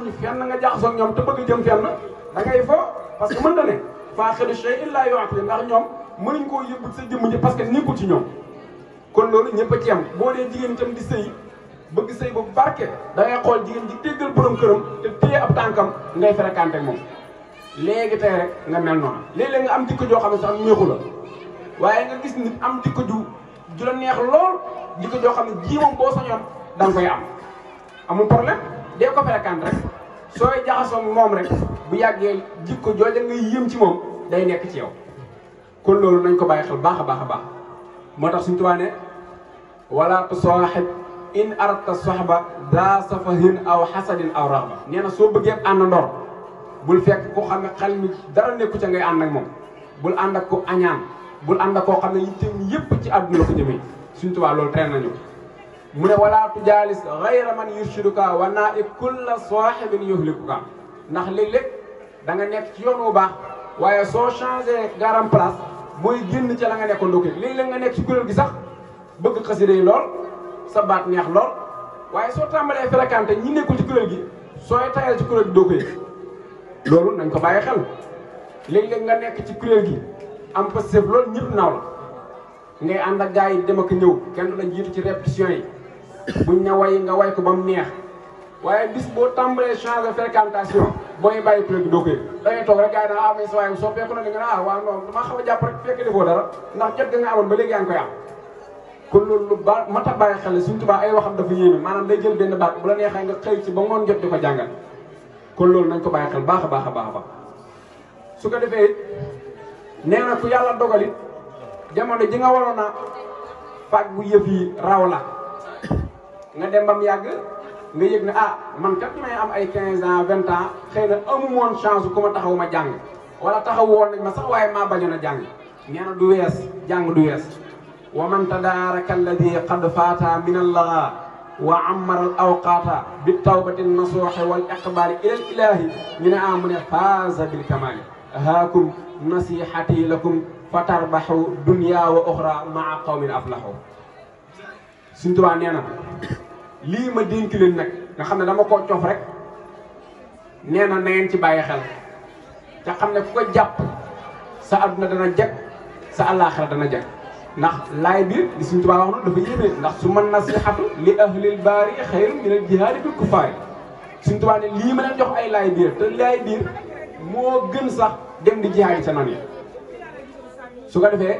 nekkuñ fenn nga jaaxasoog ñoom te bëgg jëm fenn da ngay fo parce que mën na ne faaxiru shay illaa yu'ti ndax ñoom mënuñ koo yëbb sa jëmm ji parce que ko ci ñoom kon loolu ñëpp a ci am boo dee jigéen itam di sëy bëgg sëy bu barke da ngay xool jigéen di déggal borom këram te téye ab tànkam ngay fréquenté ak moom léegi tey rek nga mel noonu léeg-léeg nga am dikko joo xam ne sax neexu la waaye nga gis nit am dikko ju ju la neex lool dikko joo xam ne ji moom boo sañoon da nga am amul problème dee ko fréquente rek sooy jaxasoo moom rek bu yàggee jikko jooja nga yëm ci moom day nekk ci yow kon loolu nañ ko bàyyi xel baax a baax a baax moo ne wala tusaaxib in arta soxba da safahin aw hasadin aw raxba nee na soo bëggee bul fekk koo xam ne xel mi dara nekku ca ngay ànd ak moom bul ànd ak ko añaan bul ànd ak koo xam yépp ci àdduna ko jëmee suñu tubaa nañu mu ne wala tujaalis gayra man yurshiduka wa naai kulla saaxibin yuhlikuka ndax léeg-léeg da nga nekk ci yoon wu baax waaye soo changé garam place mooy génn ca la nga nekkoon doo léeg-léeg nga nekk ci kuréel gi sax bëgg xasida yi lool sa baat neex lool waaye soo tàmbalee ñi ci kuréel gi sooy tayal ci kuréel gi doo loolu nañ ko bàyyi xel léeg-léeg nga nekk ci kuréel gi am fa sëf loolu ñëpp naaw la ngay ànd ak gars yi dem ak ñëw kenn du la jiitu ci répétition yi buñ ne way nga way ko ba mu neex waaye bis boo tàmbalee change de fréquentation booy bàyyi prix bi doo koy da ngay toog rek gars yi naan ah mais sa waay soppeeku na li nga ne ah waaw non damaa xaw a jàpp rek fekk defoo dara ndax jot ga nga amoon ba léegi lu ba mat bàyyi xel suñ tubaab ay waxam dafa yéeme maanaam day jël benn baat bu la neexee nga xëy ci ba ngoon jot di ko jàngal kon nañ ko bàyyi xel baax a baax a baax a su ko defee nee na ku yàlla dogal jamono ji nga waroon a faag bu yëf raw la nga dem bam yag nga yëg na ah man kat may am ay 15 ans 20 ans xeyna amu woon chance kuma ma taxaw ma jàng wala taxaw woon nañ ma sax waaye ma bañoon a jàng neena du wess jàng du wess wa man tadaaraka alladi qad fata min allah wa ammara al awqaata bit tawbati nasuh wal iqbal ila al ilahi min ne ah bil kamal hakum nasihati lakum fatarbahu dunya wa ukhra maa qawmin aflahu suñ tubaa nee lii ma dénk leen nga xam ne dama koo coof rek nee na na ngeen ci bàyyi xel te xam ne ko jàpp sa adduna dana jag sa àllaaxira dana jag ndax laay biir li suñ tubaab wax dafa yéeme ndax su man nasihatu li ahlil baari xayru min al jihaadi bil kufaari suñ tubaab ne lii ma leen jox ay laay biir te laay biir moo gën sax dem di jihaadi sa noon su ko defee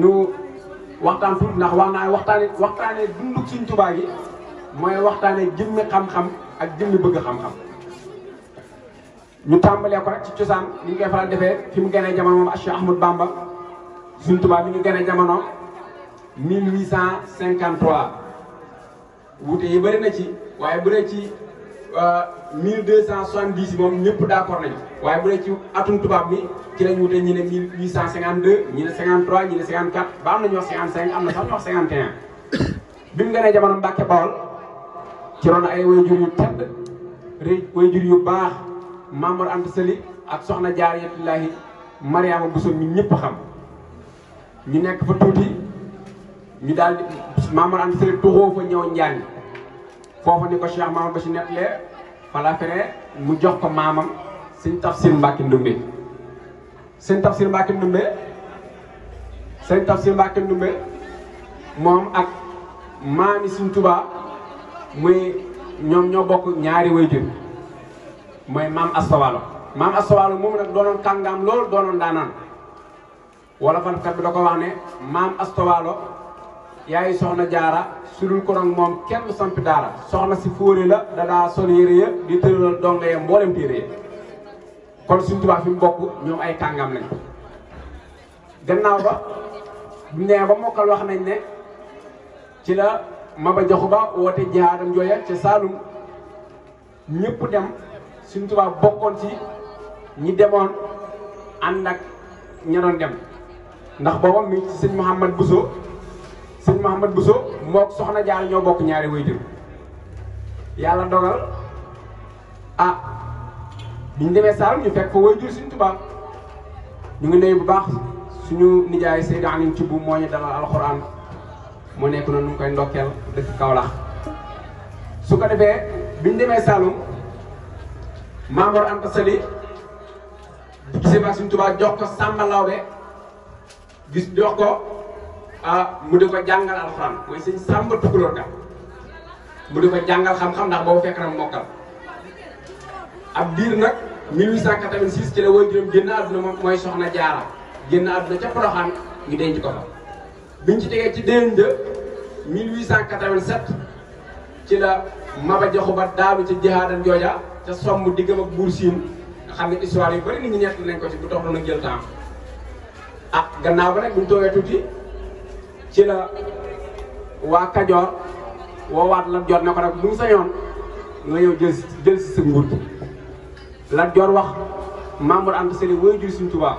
ñu waxtaan tuuti ndax wax naa waxtaane waxtaane dundug suñ tubaa gi mooy waxtaanee jëmmi xam-xam ak jëmmi bëgg xam-xam ñu tàmbalee ko rek ci cosaan ni ñu koy defee fi mu gënee jamono moom Cheikh Ahmadou Bamba suñ tubaa mi ngi gënee jamono 1853 wuute yi bëri na ci waaye bëri ci euh, mille deux cent soixante dix moom ñëpp d'accord nañ waaye bu dee ci atum tubaab bi ci lañ wute ñi ne mille huit cent cinquante deux ñi ne cinquante trois ñi ne cinquante quatre ba am na ñu wax cinquante cinq am na sax ñu wax cinquante et un bi mu gënee jamono Mbàkke Bawol ci roon ay wayjur yu tedd rëy wayjur yu baax Mamour ant Sali ak Soxna jaar Jaaratullaahi Mariama Bousso mi ñëpp xam ñu nekk fa tuuti ñu daal di Mamour Anta Sali fa ñëw Njaañ foofu ni ko Cheikh Mamour Bachir nettalee Balafré mu jox ko maamam sëñ Tafsir Mbacke Ndoumbé sëñ Tafsir Mbacke Ndoumbé sëñ Tafsir moom ak maami suñ Touba muy ñoom ñoo bokk ñaari wayjur mooy maam Astawalo maam Astawalo moom nag doonoon kàngaam loolu doonoon daanaan wala fan kat bi da ko wax maam Astawalo. yaay soxna jaara su dul ko nag moom kenn sampi daara soxna si fóore la danaa sol yére ya di tëralal donga ya mboolem téere ya kon suñ tubaab fi mu bokk ay kàngam lañ gannaaw ba bu nee ba mokkal wax nañ ne ci la Maba Jaxu Ba woote jihaadam jooya ci Saalum ñëpp dem suñ tubaab bokkoon ci ñi demoon ànd ak ña doon dem ndax booba mi ci sëñ Mouhamad Bousso sëñ Mouhamad soo mook soxna jaar ñoo bokk ñaari waajur yàlla dogal ah biñ demee Saalum ñu fekk fa waajur suñ tubaab ñu ngi nuyu bu baax suñu nijaay Seydou Anim ci bu moo ñu dalal alxuraan mu nekk noonu ñu koy ndokkeel dëkk Kaolack su ko defee biñ demee Saalum Maamor Anta Sali gisee ba suñ tubaab jox ko Samba Lawbe gis jox ko. mu di ko jàngal alxuraan mooy sëñ Sàmba Tukulóor ga mu di ko jàngal xam-xam ndax boobu fekk na mokkal ab diir nag 1886 ci la woy juróom génn àdduna moom mooy soxna jaara génn àdduna ca Poroxaan ñu denc ko fa biñ ci tegee ci déen de 1887 ci la Maba Jaxu Ba daanu ca jihaadan jooja ca somb diggam ak buur siin nga xam ne histoire yu bari nit ñi ñett nañ ko ci bu tox doon jël temps ah gannaaw ba nag buñ toogee tuuti ci la waa wo wat lam jor ne ko nag bu ñu sañoon nga yow jël jël ci sa nguur la jor wax Mamour Anta Sali waajur Sëriñ Tuubaa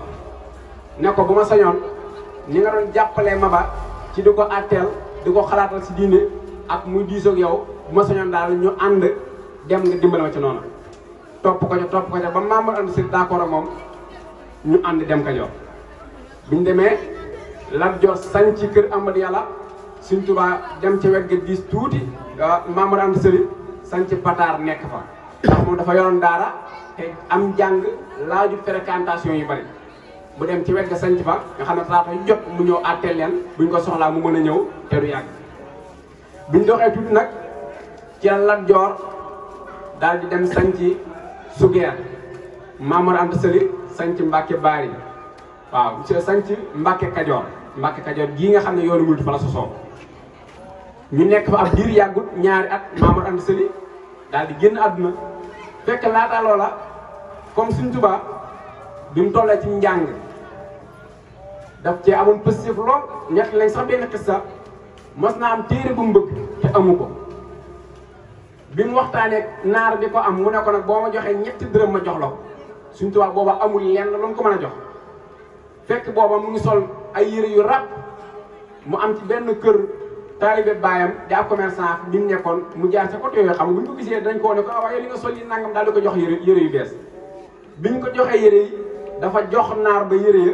ne ko buma sa yon ni nga don jappale Maba ci diko atel diko di ci dine ak muy diisoog yow ma sa yon dal ñu and dem nga dimbal ma ci noonu top ko ca top ko ca ba Mamour Anta sene d'accord ak mom ñu and dem buñ Lat Joor sañ ci kër Amady Yàlla Sëñ Tuubaa dem ci wet ga diis tuuti ah, Maamar Anta Sali sañ ci Pataar nekk fa ndax dafa yoroon daara te am jàng laaju fréquentation yu bari bu dem ci wet ga sañ ci fa nga xam ne jot mu ñëw àtteel leen buñ ko soxlaa mu mën a ñëw te du yàgg buñ doxee tuuti nag ci Lat Joor daal di dem sañ ci Sugeer Maamar Anta Sali sañ ci waaw ci sanc Mbàkke Kajoor Mbàkke Kajoor gii nga xam ne yoonu murid fa la sosoo ñu nekk fa ab diir yàggut ñaari at Maamor Anta Sali daal di génn àdduna fekk laata loola comme suñ Tuubaa bi mu tollee ci njàng daf cee amoon positif lool ñett lañ sax benn xissa mos naa am téere bu mu te amu ko bi mu waxtaanee naar bi ko am mu ne ko nag boo ma joxee ñetti dërëm ma jox la ko Sëriñ Tuubaa booba amul lenn lu mu ko mën a jox fekk booba mu ngi sol ay yére yu rab mu am ci benn kër taalibe baayam di ab commerçant bi nekkoon mu jaar sa côté yooyu xam bu ñu ko gisee dañ koo ne ko ah, li nga sol yi nangam daal di ko jox yére yére yu bees biñ ko joxee yére yi dafa jox naar ba yére ya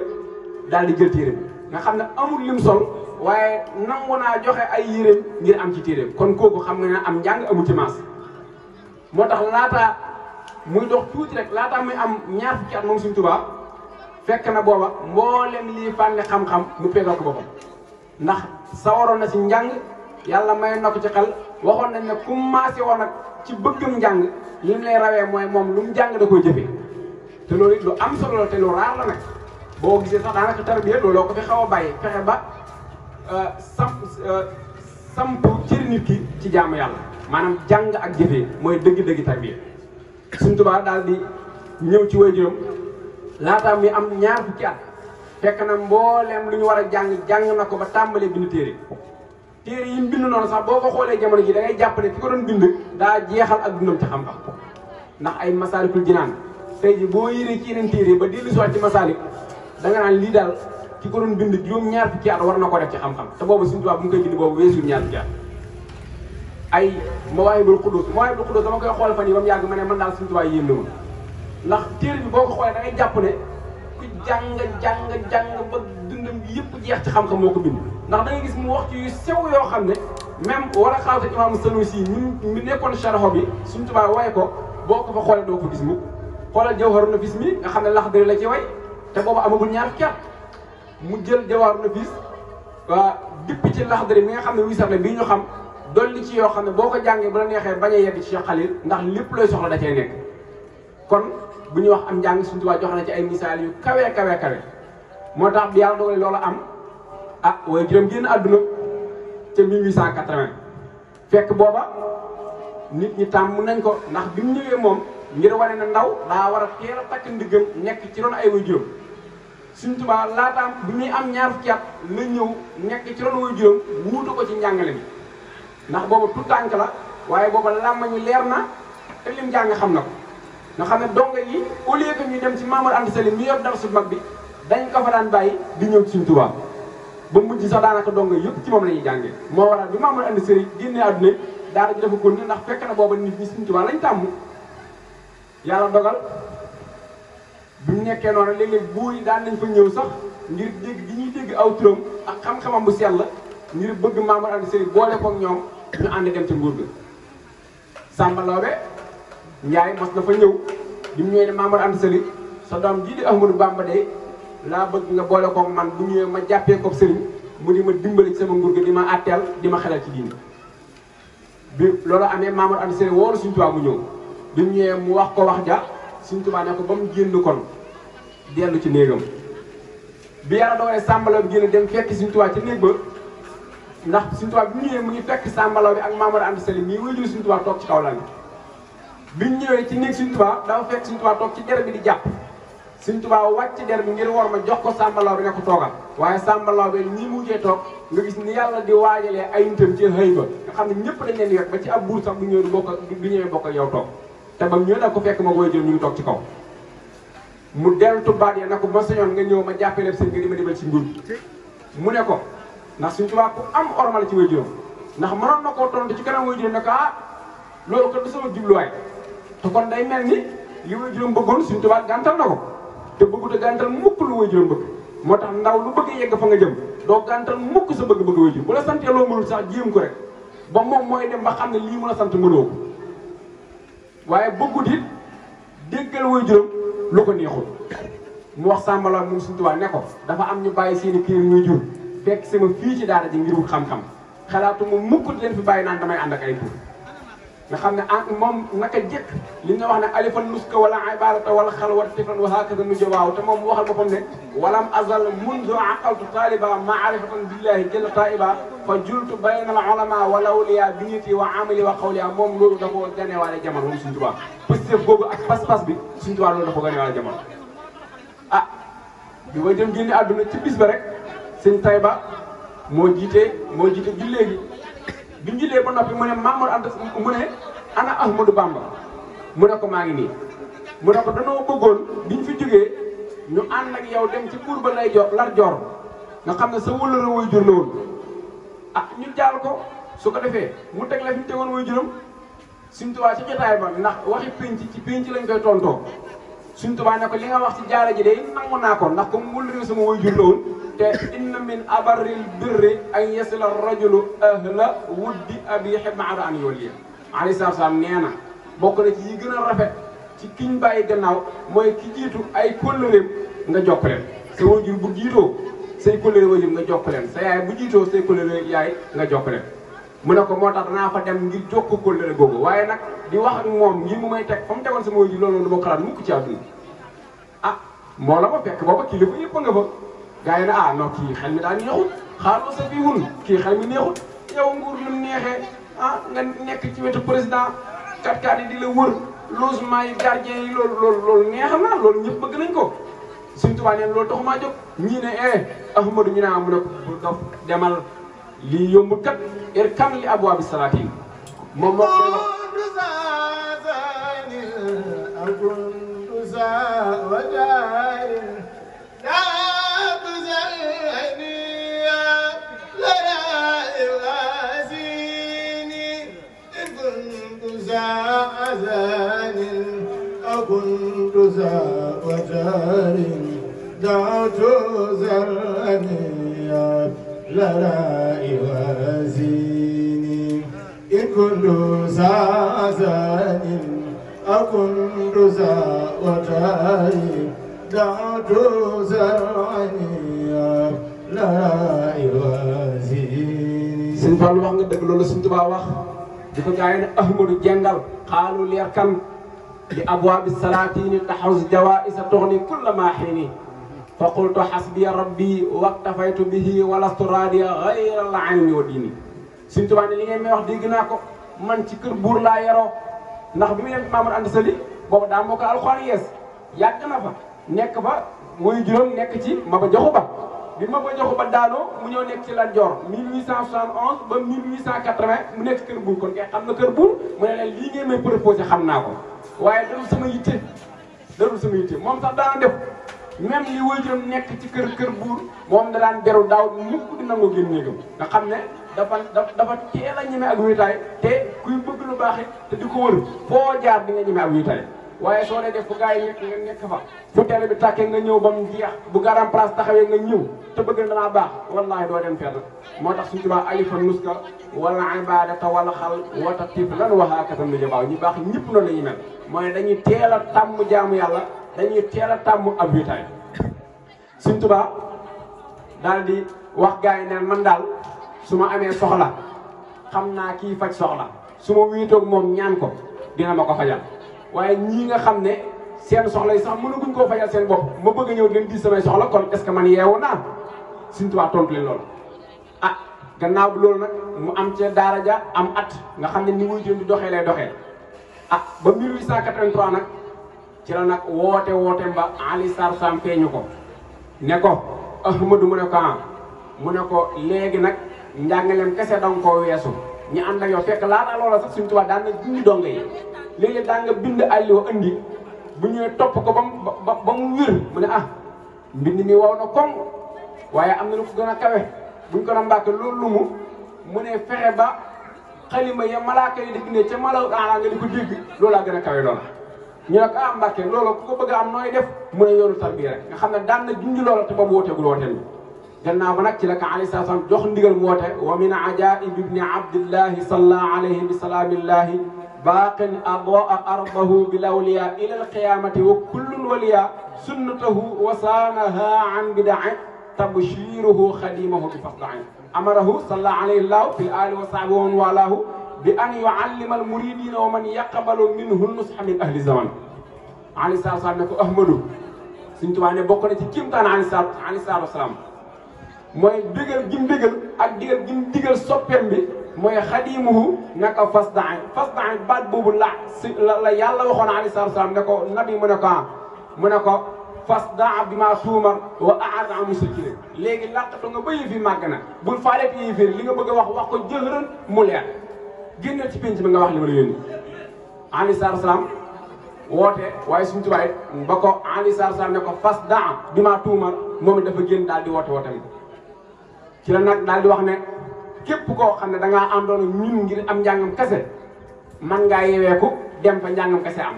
daal di jël téere bi nga xam ne amul lim sol waaye nangu naa joxe ay yére ngir am ci téere kon kooku xam nga ne am njàng amu ci moo tax laata muy dox tuuti rek laata muy am ñaar fukki at moom suñ tubaab fekk na booba mboolem lii fànni xam-xam mu pegal ko boppam ndax sawaroon na si njàng yàlla may na ko ci xel waxoon nañ ne commencé woon nag ci bëggam njàng li mu lay rawee mooy moom lu mu jàng da koy jëfee te loolu it lu am solo la te lu raar la nag boo gisee sax daanaka tarbiya loo ko fi xaw a bàyyi fexe ba euh, sam euh, samp cër nit ki ci jaamu yàlla maanaam jàng ak jëfee mooy dëgg-dëgg tarbiya suñ tubaab daal di ñëw ci waajuram laata mi am ñaar fukki at fekk na mboolem lu ñu war a jàng jàng na ko ba tàmbalee bind téere téere yi mu bind noonu sax boo ko xoolee jamono ji da ngay jàpp ne ko doon bind daa jeexal ak dundam ci xam-xam ndax ay masaalikul jinaan tey ji boo yéree ci yeneen téere ba dellu soit ci masaalik da nga naan lii daal ki ko doon bind juróom ñaar fukki at war na ko def ci xam-xam te boobu Sëriñ Tuubaa bu mu koy bind boobu weesul ñaar fukki at ay Mawaahibul Quddus Mawaahibul Quddus dama koy xool fan yi ba mu yàgg ma ne man daal Sëriñ Tuubaa ndax téere bi boo ko xoolee dangay ngay jàpp ne ku jàng jàng jàng ba dundam bi yëpp jeex ci xam-xam moo ko bind ndax da gis mu wax ci yu sew yoo xam ne même war a xaalta imam Sanusi ñun mi nekkoon sharho bi suñ tubaab waaye ko boo ko fa xoolee doo ko gis mu xoolal jawharu nafis mi nga xam ne lax dëri la ci way te boobu amagul ñaar fukki mu jël jawharu nafis waa dippi ci lax dëri mi nga xam ne wiisar la bii ñu xam dolli ci yoo xam ne boo ko jàngee bu la neexee a yegg ci Cheikh Khalil ndax lépp looy soxla da cee nekk kon bu ñu wax am njàng suñu tubaab jox na ci ay misaal yu kawee kawe kawe moo tax bi yàlla dogalee loolu am ah waaye juróom génn àdduna ca 1880 fekk booba nit ñi tàmm nañ ko ndax bi mu ñëwee moom ngir wane na ndaw daa war a teel a takk ndiggam nekk ci ron ay waajuram suñ tubaa laataam bi muy am ñaar fukki at la ñëw nekk ci ron waajuram wuutu ko ci njàngale mi ndax booba tout tànk la waaye booba làmmañu leer na te lim jàng xam na ko nga xam ne donga yi au lieu ñuy dem ci Mamadou Anta Sali mi yor darsu mag bi dañ ko fa daan bàyyi di ñëw ci suñu Tuubaa ba mujj sax daanaka dongo yëpp ci moom la ñuy jànge moo waral bi Mamadou Anta Sali génnee àdduna daara ji dafa continué ndax fekk na booba nit ñi suñu Tuubaa lañ tàmm yàlla dogal bu ñu nekkee noonu léeg-léeg buur yi daan nañ fa ñëw sax ngir dégg gi ñuy dégg aw turam ak xam-xamam bu la ngir bëgg Mamadou Anta Sali boole koog ñoom ñu ànd dem ci nguur gi Samba nyaay mos na fa ñew bi ñew ni ne am serigne sa doom ji di ahmadou bamba de la bëgg nga boole koog man bu ñew ma jàppee koog serigne mu di ma dimbali sama nguur gi di ma attel di ma xelal ci diin bi loolu amé mamar am serigne woon suñ tubaab mu ñew bi ñew mu wax ko wax ja suñ tubaab ne ko ba mu kon delu ci neegam bi yàlla doole sàmbaloo bi génn dem fekk suñ tubaab ci neeg ba ndax suñ tubaab bi ñew mu ngi fekk sàmbaloo bi ak mamar am serigne mi wëjju suñ tubaab tok ci kaw lal bi biñ ñëwee ci néeg Sëñ Tuubaa dafa fekk Sëñ Tuubaa toog ci der bi di jàpp Sëñ Tuubaa wàcc der bi ngir war ma jox ko Sàmba Law bi ne ko toogal waaye Sàmba Law ñi mujjee toog nga gis ni yàlla di waajalee ay nitam ci xëy ba nga xam ne ñëpp dañ leen di wet ba ci ab buur sax bu ñëwee bokk du ñëwee yow toog te ba ñëw nag ko fekk ma koy jël toog ci kaw mu dellu tubaat ya na ko ba sañoon nga ñëw ma jàppee lépp sëñ di ma dibal ci nguur mu ne ko ndax Sëñ Tuubaa ku am ormal ci way juróom ndax mënoon na koo tontu ci kanam way juróom ne ko ah loolu kat du sama jubluwaay te kon day mel ni li way juróom bëggoon suñ tubaab na ko te bëggut a gàntal mukk lu way juróom bëgg moo tax ndaw lu bëgg yegg fa nga jëm doo gàntal mukk sa bëgg-bëgg way jur bu la santee loo mënul sax jéem ko rek ba moom mooy dem ba xam ne lii mu la sant mënoo ko waaye bëggut it déggal way juróom lu ko neexul mu wax sàmbaloon moom suñ tubaab ne ko dafa am ñu bàyyi seen i kër ñuy jur fekk sama fii ci daara ji ngir wut xam-xam xalaatuma mukk di leen fi نحن نعم نكدت لنوانا ألف نسك ولا عبارة ولا خلوة سفن وهكذا نجوا وتمام وحل بفن ولم أزل منذ عقلت طالبا معرفة بالله جل طائبا فجلت بين العلماء ولولي بيتي وعملي وقولي أمام لولو دفو غني ولا جمال هم سنجوا بس سيف غوغو أك بس بس بي سنجوا لولو دفو غني ولا جمال أه بيواجم جيني أدوني تبس برك سن طائبا موجيتي bi mu jullee ba noppi mu ne Mamour Anta mu ne ana Ahmadou Bamba mu ne ko maa ngi nii mu ne ko danoo bëggoon biñ fi jógee ñu ànd ak yow dem ci buur ba lay jox lar joor nga xam ne sa wëllëra way jur la woon ah ñu jaal ko su ko defee mu teg la fi mu tegoon suñ tubaa ci jotaay ba ndax waxi pénc ci pénc lañ koy tontoo suñ tubaa ne ko li nga wax ci jaara ji de nangu naa ko ndax comme wëllëra sama way jur la woon إن من أبر البر أن يصل الرجل أهل ود أبي حب معه أن يولي عليه الصلاة والسلام نينا بقول لك يجينا رفع تكين باي جناو ما يكجيتو أي كل ريم نجوكلم سوجي بجيتو سي كل ريم نجوكلم سي أي بجيتو سي كل ريم ياي نجوكلم من أكو موتا نافع دم جوكو كل ريم جوجو واي دي واحد مم يمو ما يتك فم تكون سموجي لون لون بكرة مكتشافين أ مالا ما فيك بابا كيلو يبغى نبغى gars yi ne ah, kii xel daa neexut xaaroo sa bi wun kii xel mi neexut yow nguur lu neexee ah nga nekk ci wetu président kat kat yi di la wër logement yi gardien yi loolu loolu loolu neex na loolu ñëpp bëgg nañ ko suñ tubaab neen loolu taxumaa jóg ñii ne eh, ñu ne ah mu ne bu dof demal lii yombul kat er kan li abwaa bi salaatin moom moo koy wax أكنت ساودا ذا وجار دعوت زرني لرائي وزيني إن كنت زازن أكن رزا وجاري دعوت زرني لرائي وزيني سنفال وانك دقلو لسنتبا واخ ديكو جاين أحمد جندل قالوا لي أكمل li abwaabi salaatini taxus jawaisa tuxni kulla ma xiini fa qultu xasbiya rabbi waqtafaytu bihi walastu raadiya gayra la ani wa diini suñ tubaab ne li ngeen may wax dégg naa ko man ci kër buur laa yaroo ndax bi mu dem Maamar Anta Sali boobu daa yees yàgg na fa nekk fa muy juróom nekk ci ma ba joxu ba bi ma ba jox ba daanoo mu ñëw nekk ci Lat Joor 1871 ba 1880 mu nekk kër buur kon kay xam na kër buur mu ne leen lii ngeen may proposé xam naa ko waaye dalul sama yitte dalul sama yitte moom sax daana def même li waajuram nekk ci kër kër buur moom da daan beru daaw mukk di nangoo génn nga xam ne dafa dafa teel a ñeme ak wéetaay te kuy bëgg lu baax te di ko wër foo jaar bi nga ñeme ak wéetaay waye so ne def bu gaay yi nekk nga nekk fa fu télé bi tàkkee nga ñew bam mu bu garam place taxawé nga ñew te bëgg na danaa baax wallahi do dem fenn motax suñu ba alifa nuska wal ibadata wal khal wa tif lan hakatan ni jabaaw ñu baax ñepp noonu lañu mel moy dañuy téla tam jaamu yalla dañuy téla tam abitaay suñu tuba daal di wax gaay ne man dal suma amé soxla xamna ki fajj soxla suma ma wiitoog ñaan ko dina mako fajal waaye ñii nga xam ne seen soxla yi sax mënaguñ koo fajal seen bopp ma bëgg a ñëw leen di samay soxla kon est ce que man yeewu naa Sëriñ Tuubaa tontu leen loolu ah gannaaw loolu nag mu am ca daara ja am at nga xam ne ni muy jëm di doxee lay doxee ah ba 1883 nag ci la nag woote woote mba Ali Sarr Sam feeñu ko ne ko Ahmadu mu ne ko ah, mu ne ko léegi nag njàngaleem kese danga koo weesu ñu ànd ak yow fekk laata loola sax Sëriñ Tuubaa daan léeg-léeg daa nga bind àlliwa indi bu ñëwee topp ko ba mu ba mu wér mu ne ah mbind mi waw na koŋ waaye am na lu ko gën a kawe buñ ko doon mbàkke loolu mu ne fexe ba xalima ya malaaka yi di bindee ca malaw aala nga di ko gën a kawe loola ñu ne ko a ah, mbàkke loola ku ko bëgg a am nooy def mu ne yoonu tarbiya rek nga xam ne daan na junj loola te ba mu wooteegul woote ni gannaaw ba nag ci la ko aleyhi salaam jox ndigal mu woote wa min ajaaib ibni abdillahi salla alayhi bi salaamillahi باق أضاء أرضه بالأولياء إلى القيامة وكل وليا سنته وصانها عن بدع تبشيره خديمه بفضل عين أمره صلى عليه الله في الآل وصحبه وعلاه بأن يعلم المريدين ومن يقبل منه النصح من أهل الزمان عليه الصلاة والسلام نكو أحمدو سنتو أنا بقول لك كم تان عليه الصلاة والسلام mooy digal gim digal ak digal gim digal soppeem bi moy khadimuhu naka fasdaan fasdaan bat bubu la la yàlla waxon ali salaatu salaam ne nabi munako munako ko ah mu fasdaa bi maa wa aad an legi léegi làqatu nga ba fi magna bu na bul faaleet li nga bëgg wax wax ko jeureun mu leer gennal ci pinj bi nga wax li ma la yónni alayhi salaatu wote way sun tuba tubaab it ba ko alayhi salaatu salaam ne ko fasdaa bi maa tuumar dafa génn daal di wote woote ci la nak daal di wax ne képp ko xamne da nga andon ak ñun ngir am jangam kese man yewé ko dem fa jangam kese am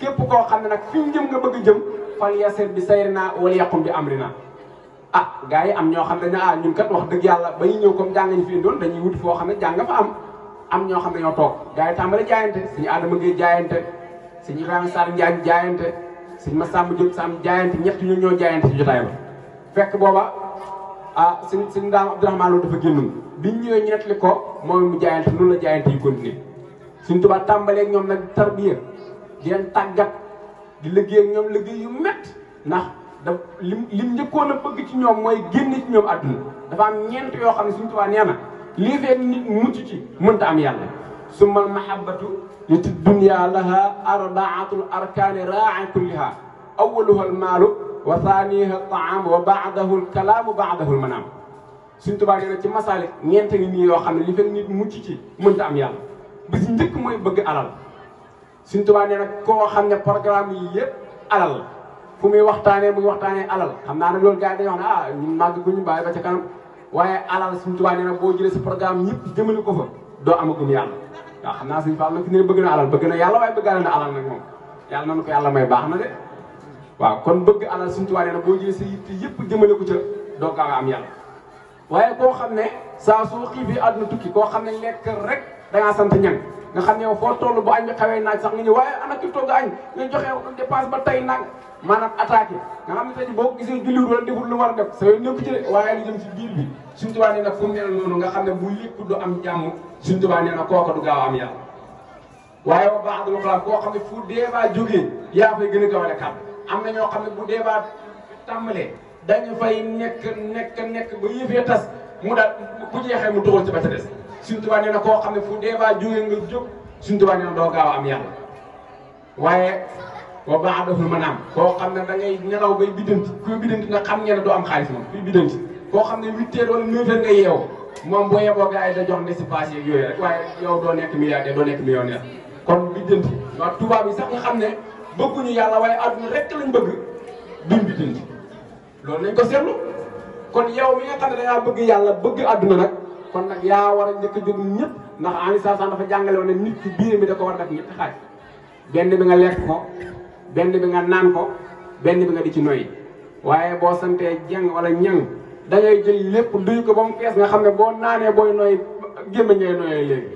képp ko xamne nak nag fi ñu jëm nga bëgg jëm fal yasir bi sayrina wal yaqum bi amrina ah gaay am ño xamne ne ah ñun kat wax deug yalla bay ñu ñëw comme jàng fi ndon dañuy wut fo xamne ne fa am am ño xamne ño tok gaay gars jaayante suñu Adama ngey jaayante suñu Ibrahima sar Ndiagne jaayante suñu Massamba Diop Sam jaayante ñet ñu ño jaayante ci jotaay ba fekk boba ah sin sëñ daam Abdourahmane loolu dafa génnoon bi ñëwee ñu nettali ko mooy mu jaayante noonu la jaayante yu continué suñ tubaab tàmbalee ak ñoom nag tarbiya di leen tàggat di liggéey ñoom liggéey yu métti ndax da lim lim njëkkoon a bëgg ci ñoom mooy génn ci ñoom àdduna dafa am ñeent yoo xam ne suñ tubaab nee na lii fekk nit mucc ci mënta am yàlla summal mahabbatu li ti dunya laha arbaatul arkaani raa kulliha awwaluha al maalu وثانيه الطعام وبعده الكلام وبعده المنام سنتو باغي نتي مسال نينت ني نيو خا مني ليفك نيت موتي تي مونتا ام يالا بس نديك موي بغي علال سنتو باغي نك كو خا مني بروغرام ييب علال فومي وقتاني مو وقتاني علال خا مانا لول جاي دي وانا آه، ني ماغ بوني باي با تي كانم واي علال سنتو باغي نك بو جيلي سي بروغرام ييب ديملو كو فا دو ام غوم يالا خا خنا سي فال نك ني بغي علال بغي يالا واي بغي علال نك موم يالا نانو كو يالا ماي باخنا دي waaw kon bëgg alal suñu tubaab nee na boo jëlee sa yitte yëpp jëmale ko ca doo gaaw a am yàlla waaye koo xam ne saa soo xiifee àdduna tukki koo xam ne lekk rek da ngaa sant ñan nga xam ne yow foo toll bu añ bi xawee naaj sax nga ñëw waaye ana ki togg añ nga joxe dépense ba tey nag maanaam attaqué nga xam ne boo gisee julliwul wala deful lu war a def sa yoon nekk ci waaye lu jëm ci biir bi na fu nga xam ne bu lépp du am jàmm suñu tubaab na kooka du am yàlla waaye wa baax dama xalaat koo xam ne fu dee baa jógee yaa fay gën a gawale kàddu am na ñoo xam ne bu débat tàmbalee dañu fay nekk nekk nekk ba yëfee tas mu daal bu jeexee mu tuxal si ba ca des suñu nee na koo xam ne fu débat jógee nga jóg suñu tubaab nee na doo gaaw am yàlla baax daful mën a koo xam ne da ngay nelaw bay biddanti kuy biddanti nga xam ngeen ne doo am xaalis moom kuy biddanti koo xam ne huit heures wala neuf nga yeewu moom boo yeboo gars yi da jox ne si paas yeeg yooyu waaye yow doo nekk milliardaire doo nekk millionnaire kon biddanti tubaab yi sax nga xam ne bëgguñu yàlla waaye àdduna rekk lañ bëgg duñ bi loolu nañ ko seetlu kon yow mi nga xam ne dangaa bëgg yàlla bëgg àdduna nag kon nag yaa war a njëkk a ñëpp ndax en sens dafa jàngale woon ne nit biir mi da ko war a def ñetti benn bi nga lekk ko benn bi nga naan ko benn bi nga di ci noyyi waaye boo santee jeng wala ñang da ngay jël duy ko ba mu fees nga xam ne boo naanee booy noyyi gémmañ ngay noyyee léegi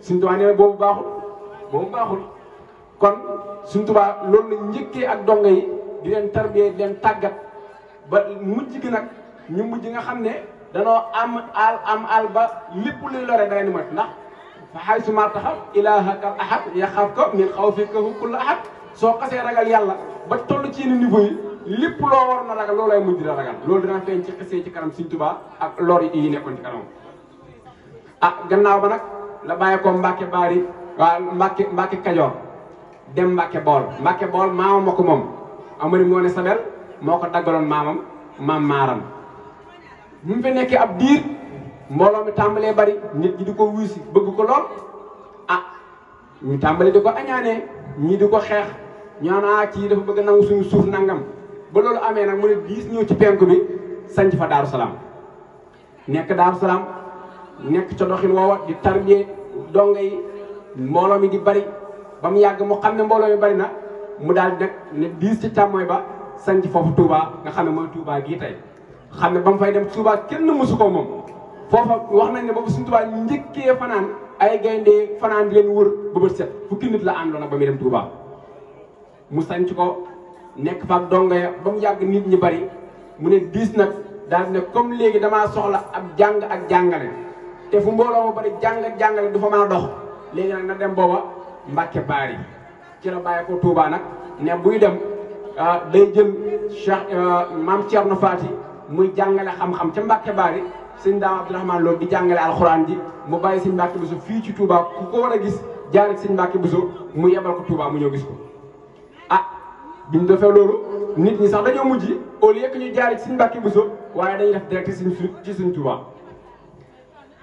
suñu tubaab nee na boobu baaxul boobu baaxul. kon suñu tuba loolu la ñëkke ak donga yi di leen tarbiyé di leen tàggat ba mujj gi nag ñu mujj nga xam ne danoo am al am al ba lépp lu lore da ni mat ndax fa xay su ma taxaw kal ahad yaxaaf ko min xaw fi kahu kull ahad soo xasee ragal yàlla ba toll ci ni niveau yi lépp loo war na ragal loolu mujj la ragal loolu dina feeñ ci xasee ci kanam suñu tuba ak lor yi nekkoon ci kanam ah gannaaw ba nag la bàyyi ko mbàkke baari waa mbàkke mbàkke kajoor dem Mbacke bol Mbacke bol maamam mako mom moom Amari Ngoone Sabel moko dagalon mamam mam maram maaram mu fi nekk ab dir mbolo mi tambale bari nit gi di wuyisi wuusi bëgg ko lool ah ñu tambale di añane añaanee diko xex ñana ah, ci dafa bëgg nang suñu suuf nangam ba loolu amé nak mu ne diis ñëw ci penku bi ci fa daru salam nekk daru salam nekk ca doxin wowa di tarbié dongay mbolo mi di bari ba mu yàgg mu xam ne mbooloo yu bari na mu daal nag ne diis ci càmmooy ba sanc foofu Touba nga xam ne mooy Touba gii tey xam ne ba mu fay dem Touba kenn mësu ko moom foofa wax nañ ne boobu suñu Touba njëkkee ay gayndee fanaan di leen wër ba bët set fukki la àndoon ba muy dem Touba mu sanc ko nekk fa ak dongo ya ba mu yàgg nit ñi bari mu ne diis nag daal ne comme léegi damaa soxla ab jàng ak jàngale te fu mbooloo ma bari jàng jàngale du fa mën dox léegi nag na dem booba Mbacke Bari ci la bàyyi ko Touba nag ne buy dem ah, day jël Cheikh euh, maam Thierno Fati muy jàngale xam-xam ca Mbacke Bari sëñ Daam Abdourahmane Lo di jàngale alxuraan ji mu bàyyi sëñ Mbacke Bousso fii ci Touba ku ko war a gis jaar ak sëñ Mbacke Bousso mu yebal ko Touba mu ñëw gis ko. ah bi ñu loolu nit ñi sax dañoo mujj au lieu ñuy ñu jaar ci sëñ Mbacke Bousso waaye dañuy def direct suñ ci suñ Touba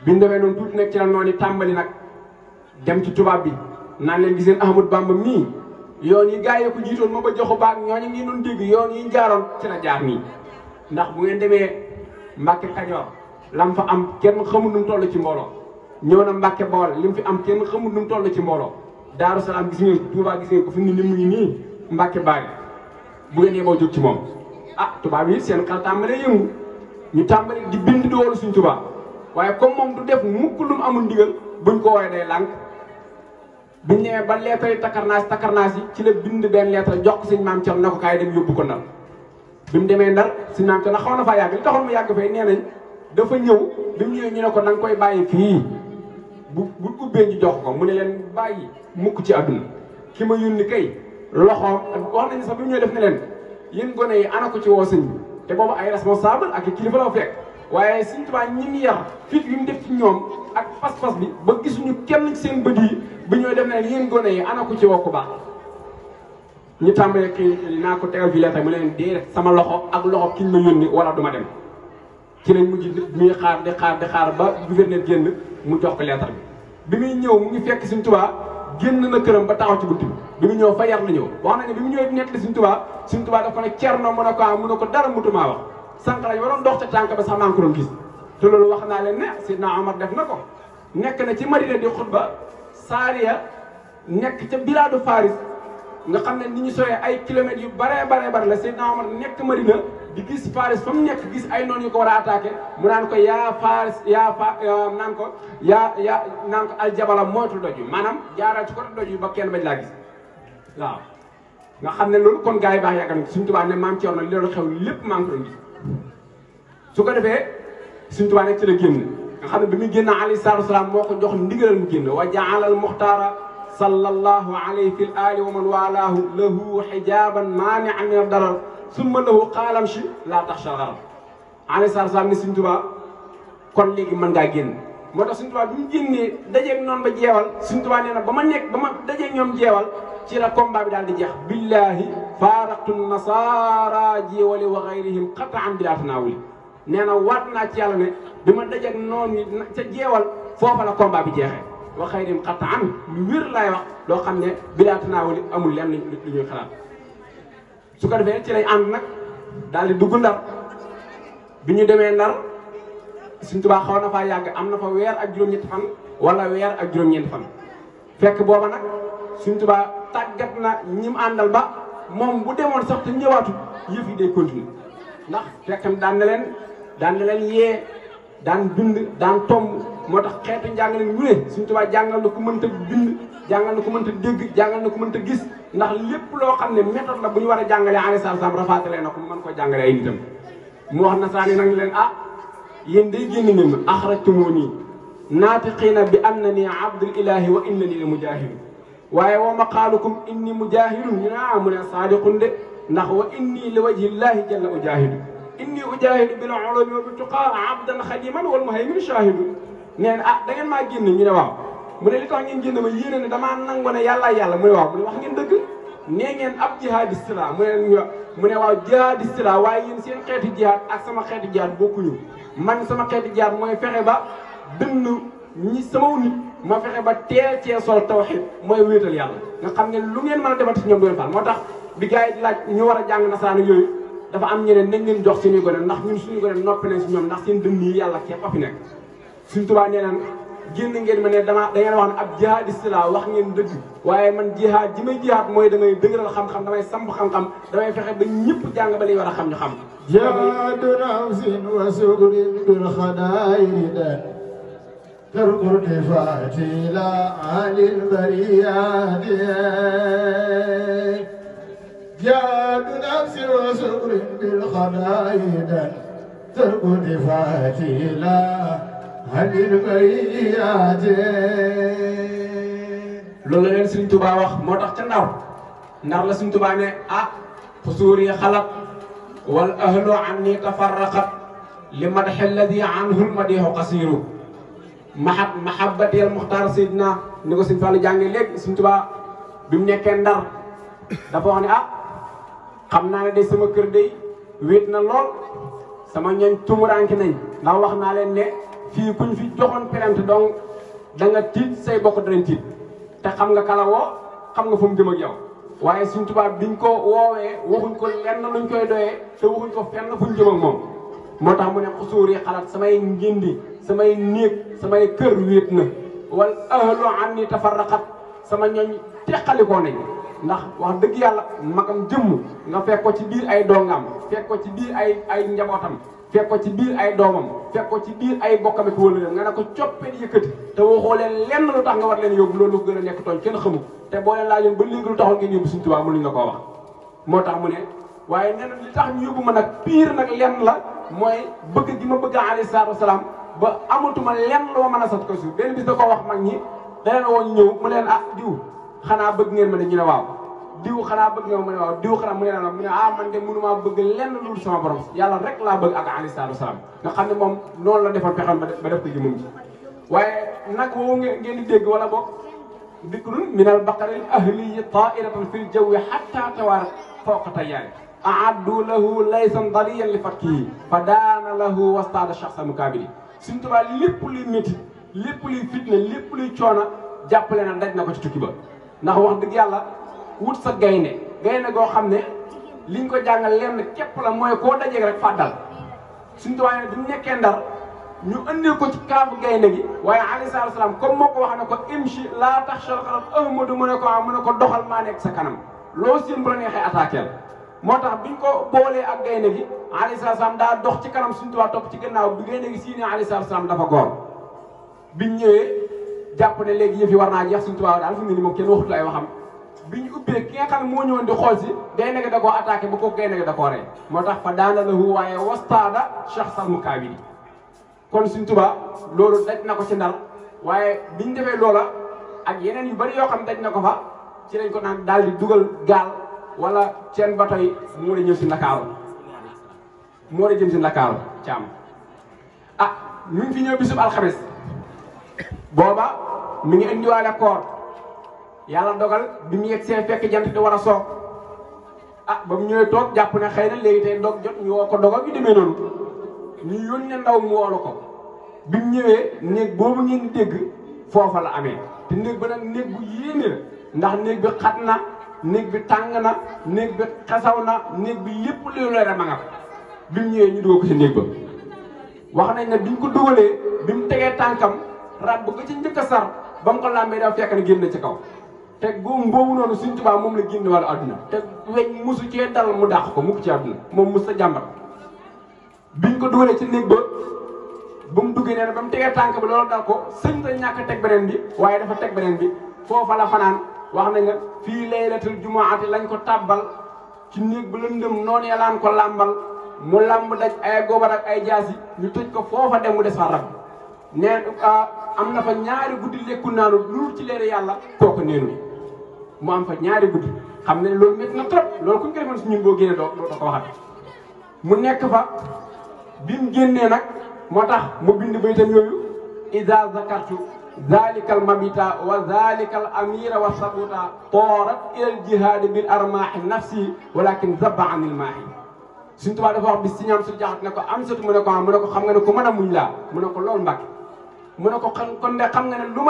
bi ñu defee noonu tuuti nag ci la noonu tàmbali nag dem ci tubaab bi. naan leen gis ngeen Ahmadu Bamba mii yoon yi gars yi ko jiitoon ma ba joxu baag ñooñu ngi doon dégg yoon yi jaaroon ci la jaar nii ndax bu ngeen demee Mbàkke Kajoor lam fa am kenn xamul nu mu toll ci mbooloo ñëw na Mbàkke Bawol lim fi am kenn xamul nu mu toll ci mbooloo Daaru Salaam gis ngeen Tuubaa gis ngeen ko fi ni ni mu ngi nii Mbàkke Baari bu ngeen yeboo jóg ci moom ah tubaab yi seen xel tàmbalee yëngu ñu tàmbali di bind di wóolu suñ tubaab waaye comme du def mukk amul ndigal buñ ko woowee day lànk bu ñëwee ba lettre yi takkarnaas takkarnaas yi ci la bind benn lettre jox ko sëñ maam Cerno na ko kaay dem yóbbu ko ndar bi mu demee ndar sëñ maam Cerno xaw na faa yàgg li taxoon mu yàgg fay nee nañ dafa ñëw dem mu ñëwee ñu ne ko na koy bàyyi fii bu bu ubbee ñu jox ko mu ne leen bàyyi mukk ci àdduna ki ma yónni kay loxoom wax nañu sax bi mu ñëwee def ne leen yéen gone yi ana ko ci woo sëñ bi te boobu ay responsable ak kilifa la fekk. waaye Sëriñ Tuubaa ñi mu yar fit yu mu def ci ñoom ak pas-pas bi ba gisuñu kenn seen bët yi ba ñooy dem ne yéen gone yi ana ko ci wokk baax ñu tàmbalee kii naa ko tegal fi lettre mu leen dee sama loxo ak loxo kiñ ma yónni wala duma dem ci lañ mujj muy xaar di xaar di xaar ba gouverneur génn mu jox ko lettre bi bi muy ñëw mu ngi fekk Sëriñ Tuubaa génn na këram ba taxaw ci buntu bi bi mu ñëw fa yar na ñëw wax na ne bi mu ñëw nekk Sëriñ Tuubaa Sëriñ Tuubaa daf ko ne cerno mu ko ah mu a ko dara mutuma wax sànqlaay ba doon dox ca tànk ba sax maa ngi ko gis te loolu wax naa leen ne na Omar def na ko nekk na ci Madina di xutba Saariya nekk ca bilaadu Faris nga xam ne ni ñu soree ay kilomètres yu baree baree bare la Sidna Omar nekk Madina di gis Faris fa mu nekk gis ay noonu yu ko war a attaqué mu naan ko yaa Faris yaa fa naan ko yaa yaa naan ko aljabala moytu doj yu maanaam jaaral ci côté doj yu ba kenn bañ laa gis waaw nga xam ne loolu kon gars yi baax yaakaar suñu tubaab ne maam Thierno loolu xew lépp su ko defee Sëriñ Tuubaa nekk ci la génn nga xam ne bi muy génn alayhi salaatu wasalaam moo ko jox ndigalal mu génn wa jaalal muxtaara sallallahu alayhi fi l aali wa man waalaahu lahu xijaaban maanian min darar summa lahu qaalam si laa taxsha xarar alayhi salaatu wasalaam ne Sëriñ Tuubaa kon léegi mën ngaa génn moo tax suñu tubaab bi mu génnee dajeeg noonu ba jeewal suñu tubaab nee na ba ma nekk ba ma dajeeg ñoom jeewal ci la combat bi daal di jeex billahi faaraqtu nasaara jeewali wa xayrihim xataan bi laa tanaawuli nee na waat naa ci yàlla ne bi ma dajeeg noon yi ca jeewal foofa la combat bi jeexee wa xayrihim xataan lu wér laay wax doo xam ne bi laa tanaawuli amul lenn lu ñuy xalaat su ko defee ci lay ànd nag daal di dugg ndar bi ñu demee ndar Sintuba Tuubaa xawna fa yag amna am fa weer ak juroom ñet fan wala weer ak juroom ñeenti fan fekk booba nak Sëriñ Tuubaa tagat na ñim andal ba mom bu demone sax te ñewatu yef yi day continuer ndax fekkam dan na len dan na len ye dan bind dan tomb motax tax xeetu njàngale ne Sëriñ Tuubaa na ku mënta bind jangal na mënta deg jangal na mënta gis ndax lepp lo xamne méthode la bu ñu war a jàngalee alayhi salaam rafaatale ko mën ay nitam mu wax nasani nak ah يندي جنم أخرجتموني ناطقين بأنني عبد الإله وإنني لمجاهد وأي وما قالكم إني مجاهد نعم أنا صادق نحو إني لوجه الله جل أجاهد إني أجاهد بالعلوم وبالتقى عبدا خديما والمهيمن شاهد نين أدين ما جن من واو من اللي كان جن من يين إن دمان نع ونا يلا يلا من واو من واحد دك نين أب جهاد استلا من من واو جهاد استلا واي ينسين قت جهاد أسمى قت جهاد بكو man sama xeeti jaar mooy fexe ba dënn ñi sama nit moo fexe ba tee cee sol tawxiid mooy wéetal yàlla nga xam ne lu ngeen mën a defati ñoom doon faal moo tax bi gars yi laaj ñu war a jàng na nasaraan yooyu dafa am ñeneen nañ leen jox suñuy gone ndax ñun suñu gone noppi nañ si ñoom ndax seen dënn yi yàlla képp a fi nekk suñ tubaa nee naan génn ngeen mané dama da ngeen wax ne ab jihadiste laa wax ngeen deug waye man jihad ji may moy da ngay deugural xam-xam damay samp xam-xam damay fexé ba ñepp jang ba li wara xam ñu xam jihaadu ya nafsin wa sugrin bil xadaayiri tarqur tarkur la alil bariyad jihaadu ya nafsin wa sugrin bil xadaayiri tarqur tarkur la Habib Baye loolu la leen Sëriñ wax moo tax ca ndaw ndax la Sëriñ Tuubaa ne ah xusuuri xalat wal ahlu anni tafarraqat li madxi alladi anhul madixu qasiru mahat mahabbati al muxtaar sayidina ni ko Sëriñ Fallu jànge léegi Sëriñ bi mu nekkee ndar dafa wax ne a ah, xam naa ne day sama kër day wéet na lool sama ñooñ tumuraanki nañ ndax wax naa leen ne fii kuñ fi joxoon plainte donc da nga tiit say bokk danañ tiit te xam nga kala xam nga fu mu jëm yow waaye suñ tubaab biñ ko woowee waxuñ ko lenn luñ koy doyee te waxuñ ko fenn fuñ jëm ak moom moo tax mu ne xusuur yi xalaat samay ngindi samay néeg samay kër wéet na wal ahlu an fa tafarraqat sama ñooñ teqalikoo nañ ndax wax dëgg yàlla magam jëmm nga fekk ko ci biir ay dongam fekk ko ci biir ay ay njabootam fekk ko ci biir ay doomam fekk ko ci biir ay bokkam ak wóolu nga ne ko coppee di yëkkati te waxoo leen lenn lu tax nga war leen yóbbu loolu lu gën a nekk tooñ kenn xamu te boo leen laajoon ba léegi lu taxoon ngeen yóbbu suñu tubaab mënuñ la koo wax moo tax mu ne waaye nee li tax ñu yóbbu ma nag pire nag lenn la mooy bëgg gi ma bëgg alayhi salaatu wasalaam ba amatuma lenn loo mën a sat ko suuf benn bis da ko wax mag ñi da leen woo ñu ñëw mu leen ah diw xanaa bëgg ngeen ma ne ñu waaw diw xanaa bëgg nga mu ne waaw diw xanaa mu ne la mu ne ah man de mënumaa bëgg lenn lu sama borom yàlla rek laa bëgg ak alayhi salaatu wasalaam nga xam ne moom noonu la defoon pexam ba def ko ji moom ji waaye nag woowu ngeen di dégg wala boog dikrun min al baqari al ahliyi tairatan fi l jawi xatta tawaarat fawqa tayyaari aaddu lahu laysan daliyan li fatkihi fa daana lahu wastaada shaxsa mukaabili suñ tubaa lépp luy métti lépp luy fitna lépp luy coona jàppale na daj na ko ci tukki ba ndax wax wut sa gaynde gaynde goo xam ne liñ ko jàngal lenn képp la mooy koo dajee rek fàddal suñu tubaab yi duñ nekkee ndar ñu andil ko ci kaabu gaynde gi waaye alayhi salaatu salaam moo ko wax ne ko imshi laa taxshal xalq ahmadu mu ne ko ah, ne ko doxal maa nekk sa kanam loo seen bu la neexee attaqué moo tax biñ ko boolee ak gaynde gi alayhi salaatu salaam daa dox ci kanam suñu topp ci gannaaw bi gaynde gi sii ne alayhi salaatu salaam dafa góor biñ ñëwee jàpp ne léegi yëf yi war naa jeex suñu tubaab daal fi mu ne nii moom kenn waxut lay waxam bi ñu ubbee ki nga xam ne moo ñëwoon di xool si gaynde gi da koo attaqué ba ko gaynde gi da koo rey moo tax fa daana lahu waaye wastaada cheikh salmukaawili kon suñ tuba loolu daj na ko si ndar waaye biñ defee loola ak yeneen yu bari yoo xam daj na ko fa ci lañ ko naan daal di dugal gaal wala seen bato yi moo la ñëw si Ndakaaru moo la jëm si Ndakaaru caam ah mi ngi fi ñëw bisub alxames booba mi ngi indiwaale koor yàlla dogal bi mu yegg seen fekk jant di war a soog a ah, ba mu ñëwee toog jàpp ne xëy na léegi tey ndog jot ñu woo ko dogal bi demee noonu ñu yónnee ndaw mu woolu ko bi ñëwee néeg boobu ngeen dégg foofa la amee te néeg ba néeg bu yéeme ndax néeg bi xat na néeg bi tàng na néeg bi xasaw na néeg bi lépp lu looy rema bi mu ñëwee ñu dugal ko si néeg ba wax nañ ne biñ ko dugalee bi mu tegee tànkam rab bu ko ci njëkk a sar ba mu ko làmbee dafa fekk ne génn ci kaw te góom boobu noonu suñ tubaab moom la génn wàllu àdduna te weñ mosu cee dal mu dàq ko mukk ci àdduna moom mos sa jàmbat biñ ko dugalee ci néeg ba ba mu duggee nee na ba mu tegee tànk bi loolu dal ko sëñ sa teg beneen bi waaye dafa teg beneen bi foofa la fanaan wax na nga fii laylatul jumaati lañ ko tàbbal ci néeg bu lëndëm noonu yalaan ko làmbal mu làmb daj ay gobar ay jaasi ñu tëj ko foofa dem mu des ah, fa ñaari guddi lekku naanu ci leer yàlla kooku neenu mu am fa ñaari guddi xam ne loolu met na trop loolu kuñ koy mën suñu mboo génne doo doo ko waxat mu nekk fa mu bind zakartu mabita wa zalika amira wa sabuta torat il jihad bil armah nafsi walakin zaba anil al mahi sun tuba dafa wax bis ci ñam su jaxat ne ko am sutu mu ne ko mu ne ko xam nga ne ko mëna muñ la mu ne ko lool mbacke mu ne ko kon de xam nga ne lu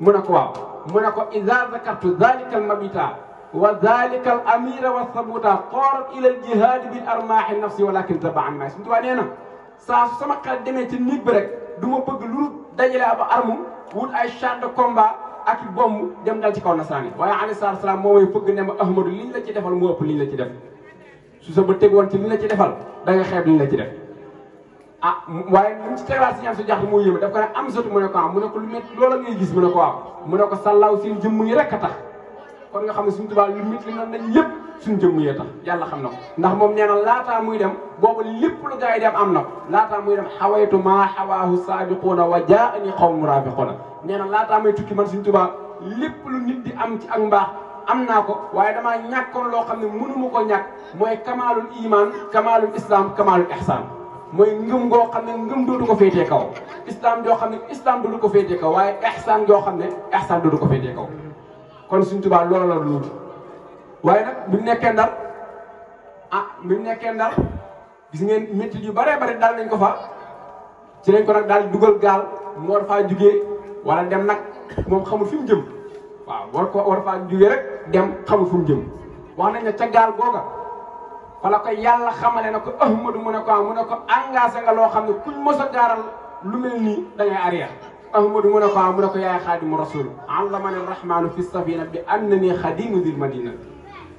mu ne ko waaw منكو إذا ذكرت ذلك المبيتا وذلك الأمير والثبوتا قار إلى الجهاد بالأرماع النفسي ولكن تبع الناس انتوا عنينا ساس سما قدمت النبرك دوما بغلول دجل أبا أرمو ود أي شاد كومبا أكي بومو دم دالتي كون نصراني ويا عليه الصلاة والسلام موي فوق نيما أحمد لين لا تي ديفال موي فوق لين لا تي ديف سوسا بتيغ وون تي لين لا تي ديفال داغا خيب لين لا تي ديف ah waaye li mu ci teewaat si ñaar su jaxte moo yéeme daf ko ne am sotu mu ne ko am ah, mu ne ko lu métti loola ngay gis mu ne ko waaw mu ne ko sallaaw seen jëmm yi rek a tax kon nga xam ne suñu tubaab lu métti li nan nañ lépp suñu jëmm yee tax yàlla xam na ko ndax moom nee na laataa muy dem boobu lépp lu gars yi dem am na ko laataa muy dem xawaytu maa xawaahu saabiquuna wa jaani xawmu raabiquuna nee na laataa may tukki man suñu lépp lu nit di am ci ak mbaax am naa ko waaye damaa ñàkkoon loo xam ne mënuma ko ñàkk mooy kamaalul iman kamaalul islam kamaalul ihsaan mooy ngëm goo xam ne ngëm dootu ko féetee kaw islam joo xam ne islam dootu ko féetee waaye ihsaan joo xam ne ihsaan dootu ko féetee kaw kon suñ tubaab loolu la luut waaye nag bi mu nekkee ndar ah bi mu nekkee ndar gis ngeen métti yu baree bari daal nañ ko fa ci lañ ko nag daal dugal gaal mu war faa jugee wala dem nag moom xamul fi mu jëm waaw war ko war faa jugee rek dem xamul fi mu jëm wax nañ ne ca gaal googa fala ko yàlla xamale na ko ahmadu mu ne ko ah, mu ne ko engagé nga loo xam ne kuñ mos a jaaral lu mel nii da ngay ahmadu mu ne ko ah, mu ne ko yaay xaadimu rasul allamani rahmanu fi safina bi annani xadimu dil madina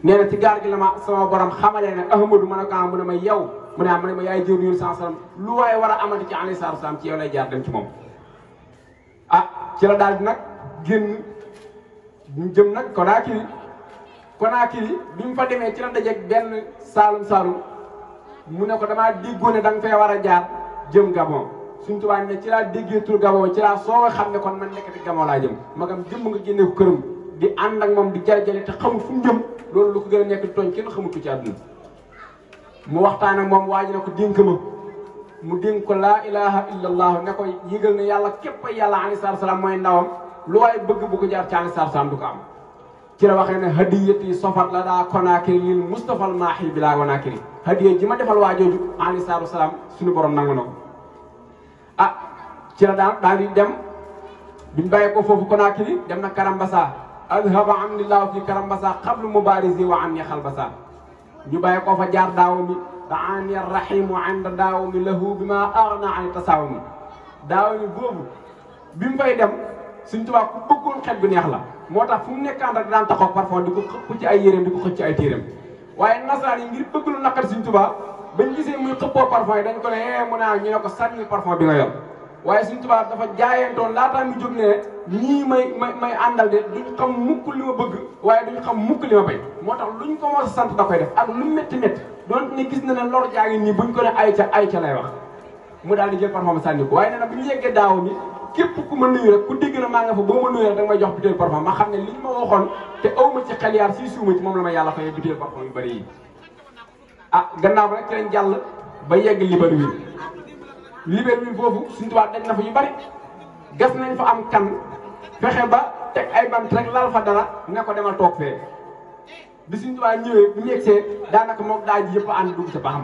nee na ci gaar gi la ma sama borom xamale ne ahmadu mu ne ko ah, mu ne ma yow mu ne mu ne ma yaay jër salaam lu waaye war a amati ci alayhi salaatu salaam ci yow lay jaar dem ci moom ah ci la daal di nag génn nag ko daa kii Conakry bi mu fa demee ci la dajeeg benn saalum saalum mu ne damaa déggoo ne da fee war a jaar jëm Gabon suñ tubaab ne ci laa déggee tur Gabon ci laa soo xam ne kon ma nekk di Gabon laa jëm magam jëmm nga génne ko këram di ànd ak moom di jarjale te xamul fu mu jëm loolu lu ko gën a nekk tooñ kenn xamul ko ci àdduna mu waxtaan ak moom waaj na ko dénk ma mu dénk ko laa ilaha illallah ne ko yëgal ne yàlla képp yàlla alayhi salaam mooy ndawam lu waaye bëgg bu ko jaar ci alayhi salaam du ko am ci la waxee ne hadiyati sofat la daa konaakiri lil mustafal maaxi bi laa ji ma defal waa jooju alayhi salaatu wa borom nangu na ko ah ci la daan daal di dem biñ bàyyee ko foofu konaakiri dem na karambasa adhaba amnillahu fi karambasa xablu mubarisi wa anni xalbasa ñu bàyyee ko fa jaar daaw mi daani rahimu ànd daaw mi bi ma arna an tasaaw mi daaw bi mu fay dem suñ tubaab ku bëggoon xet gu neex la moo tax fu mu nekkaan rek daan taxaw parfois di ko xëpp ci ay yéreem di ko xëcc ci ay téereem waaye nasaraan yi ngir bëgg lu naqar suñ tubaab bañ gisee muy xëppoo parfum yi dañ ko ne eh, mu naa ñu ne ko sànni parfum bi nga yor waaye suñ tubaab dafa jaayantoon laataa mu jóg ne ñii may may may àndal de duñ xam mukk li ma bëgg waaye duñ xam mukk li ma bay moo tax luñ ko mos sant da koy def ak lu métti métti doon ne gis na ne lor jaa nii buñ ko ne ay ca ay ca lay wax mu daal di jël sànni ko waaye nee na bu ñu yeggee daaw mi képp ku ma nuyu rek ku dégg na ma nga fa boo ma nuyu rek dama jox bidel parfum ma xam ne li ma waxon te awma ci xaliar ci suuma ci mom la ma yalla fay bidel parfum yu bari ah gannaaw rek ci lañ ba yegg liber wi fofu suñu tubaab dañ na fa yu bari gas nañ fa am kan fexé ba tek ay bant rek lal fa dara ne ko demal tok fee bi suñu tubaab ñëwee bu ñu da naka mok daaji yëpp and dugg ci baam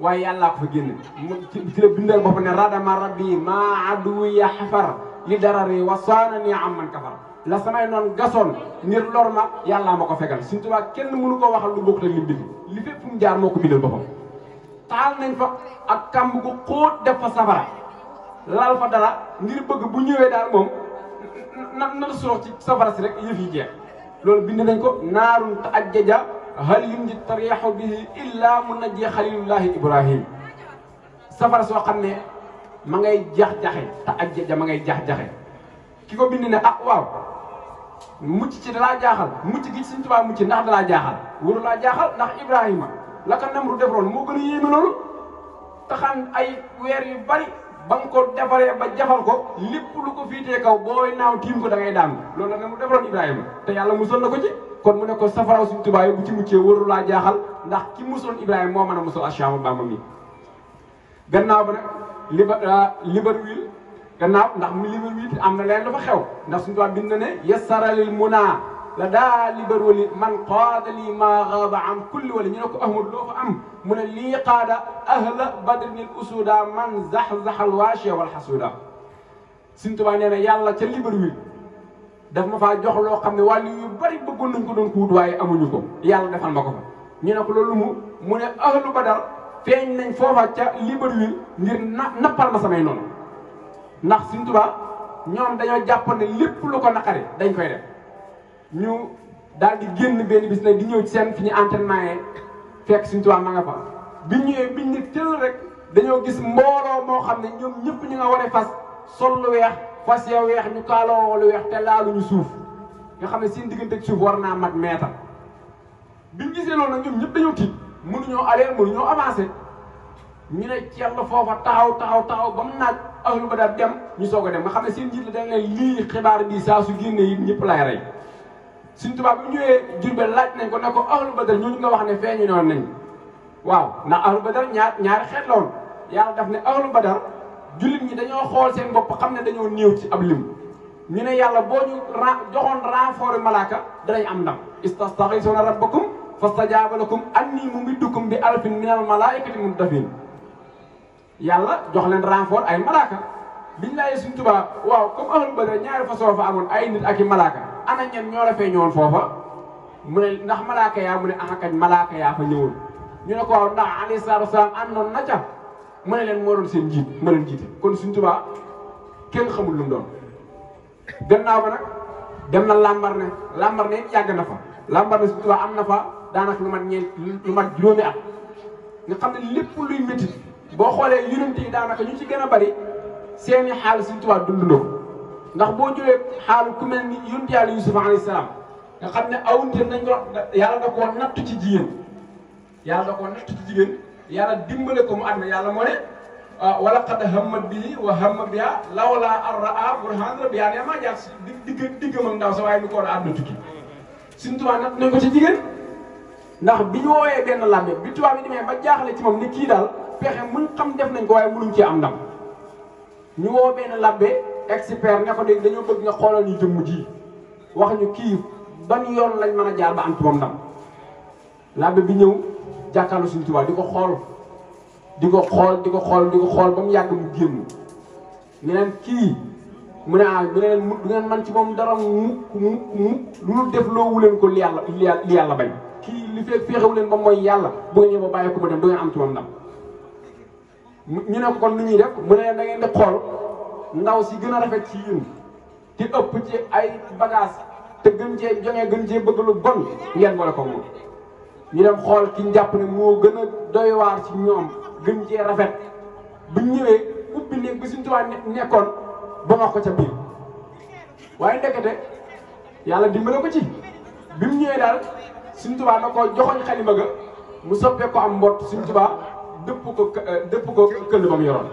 waaye yàllaa ko fa génne mu ci la bindal boppam ne radama rabbi maa aduwiya xafar li darari wa saana ni am man kafar la samay noon gasoon ngir lor ma yàllaa ma ko fegal suñ tubaab kenn mënu ko waxal lu bokk te lim li fépp fu mu jaar moo ko bindal boppam taal nañ fa ak kàmb gu xóot def fa safara laal fa dara ngir bëgg bu ñëwee daal moom na na surox ci safara si rek yëf yi jeex loolu bind nañ ko naarun ta ajjaja hal yumjid tariyahu bihi illa munaji Khalilullah ibrahim safar so xamne ma ngay jax jaxé ta ajja ja ma ngay jax jaxé kiko bindi ne ah waw mucc ci dalaa jaxal mucc gi Sëñ Tuubaa mucc ndax dalaa jaxal wuro la jaxal ndax ibrahim la ka namru defron mo gëna yéme yéeme loolu taxan ay wër yu bari bang ko defare ba jaxal ko lepp lu ko fité kaw boy naw tim ko da ngay dam loolu la namru defaroon ibrahima te yàlla musal na ko ci kon mu ne ko safaraw suñ tuba yi ci mucce woru la jaxal ndax ki musoon ibrahim mo meuna musul musal Bamba mi gannaaw ba nak liber wil gannaaw ndax mu Libreville am na len lu fa xew ndax sun tuba bin na ne yassara lil muna la da liber wil man qada li ma xaaba am kull wal ñu ko ahmad lo fa am mu ne lii qaada ahla min usuda man zahzahal washi wal hasuda sun tuba nee na yàlla ca liber wil daf ma fa jox lo xam ne yu bari bëggoon nañ ko doon ko wut amuñu ko yalla defal mako fa ñu ne ko mu mu ne ahlu badar feñ nañ fofa ca Libreville ngir nappal ma samay non nak suñ tuba ñom dañu jàpp ne lu ko nakari dañ koy def ñu dal di genn ben bis ne di ñew ci sen fi entraînement fek fekk suñ tuba ma nga fa bi ñewé bi ne teul rek dañu gis mbolo mo xam ne ñepp ñëpp nga fas sol lu wéx fas ya weex ñu kaaloo lu weex te ñu suuf nga xam ne seen diggante suuf war naa mat meetar biñ gisee loolu nag ñoom ñëpp dañoo tiit mënuñoo aller ñoo avancé ñu ne ceeb la foofa taxaw taxaw taxaw ba mu naaj ahlu ba daal dem ñu soog a dem nga xam ne seen njiit la dañ leen lii xibaar bi saa su génnee it ñëpp lay rey suñ tubaab bi ñëwee Jurbel laaj nañ ko ne ko ahlu ñoo ñu nga wax ne feeñu noonu nañ waaw ndax ahlu badar ñaar ñaari xeet la woon yàlla ne ahlu badar jullit ñi dañoo xool seen bopp xam ne dañoo néew ci ab lim ñu ne yàlla boo ñu ra joxoon renfort malaaka danañ am ndam istastaxisuuna rabbakum fastajaaba lakum anni mumiddukum bi alfin minal malaaikati muddafin yàlla jox leen renfort ay malaaka biñ laajee suñ tubaab waaw comme ahlu badar ñaari façon fa amoon ay nit ak i malaaka ana ñen ñoo la feeñoon foofa mu ne ndax malaaka yaa mu ne axakañ ah, malaaka yaa fa ñëwoon ñu ne ko ma leen moo doon seen jiit ma leen jiite kon suñ tubaa kenn xamul lu mu doon dem naa ba nag dem na làmbar ne làmbar ne yàgg na fa làmbar ne am na fa daanaka lu mat ñeent lu mat juróomi at nga xam ne lépp luy métti boo xoolee yonent yi daanaka ñu ci gën a bari seeni xaal suñ tubaa dundandoo ndax boo jëlee xaal ku mel ni yonent yàlla Yuusuf alayhi salaam nga xam ne aw nit nañ yàlla da ci jigéen nattu ci jigéen yalla dimbalé ko mu ànd yàlla moo ne ah, wala qad hammat bi wa hamma biha lawla an raa burhan rabbi ne ma jax dig dig digg ndaw sa way lu ko war tukki sin tubaab nak nañ ko ci digel ndax bi ñu woyé ben lambe bi tubaab bi demee ba jaxlé ci mom ni ki dal pexe mu xam def nañ ko way mu mënuñ ci am ndam ñu wo ben lambe expert ne ko dégg dañoo bëgg nga xolal ñu jëm ji wax ñu ki ban yoon lañ mëna jaar ba am ci ndam lambe bi ñew jàkkaarloo suñu tubaab di ko xool di ko xool di ko xool di ko xool ba mu yàgg mu génn ñu naan kii mu ne ah ñu ne leen man ci moom dara mu mukk mukk lu ñu def loowu leen ko li yàlla li yàlla bañ kii li fee féexewu leen ba mooy yàlla bu ñëw ba bàyyi ko ba dem du ngeen am ci moom ndam ñu ne ko kon lu ñuy def mu ne leen da ngeen di xool ndaw si gën a rafet ci yéen te ëpp ci ay bagage te gën cee joŋee gën cee bëgg lu bon ngeen boole ko moom ñu dem xool ki jàpp ne moo gën a doy waar ci ñoom gën cee rafet bu ñëwee ubbi néeg bi suñ tubaab nekkoon ba wax ko ca biir waaye ndekete yàlla dimbale ko ci bi mu ñëwee daal suñ tubaab da koo joxoñ xalima ga mu soppee ko am mbott suñ tubaab dëpp ko euh, dëpp ko këll ba mu yoroon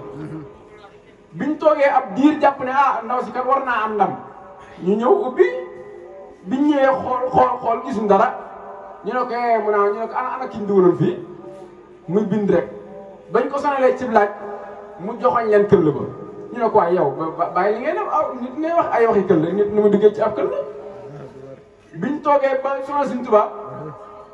biñ toogee ab diir jàpp ne ah ndaw si kat war naa am ndam ñu ñëw ubbi biñ ñëwee xool xool xool gisuñ dara ñu ne ko eh, mu ne ah, ñu ne ko ana ah, ana ki ñu dugaloon fii muy bind rek bañ ko sonalee cib laaj mu joxoñ leen këll ba ñu ne ko waaye yow ba bàyyi li ngay def aw nit ngay wax ay waxi këll nit ni mu duggee ci ab këll biñ toogee ba sonal suñ tubaab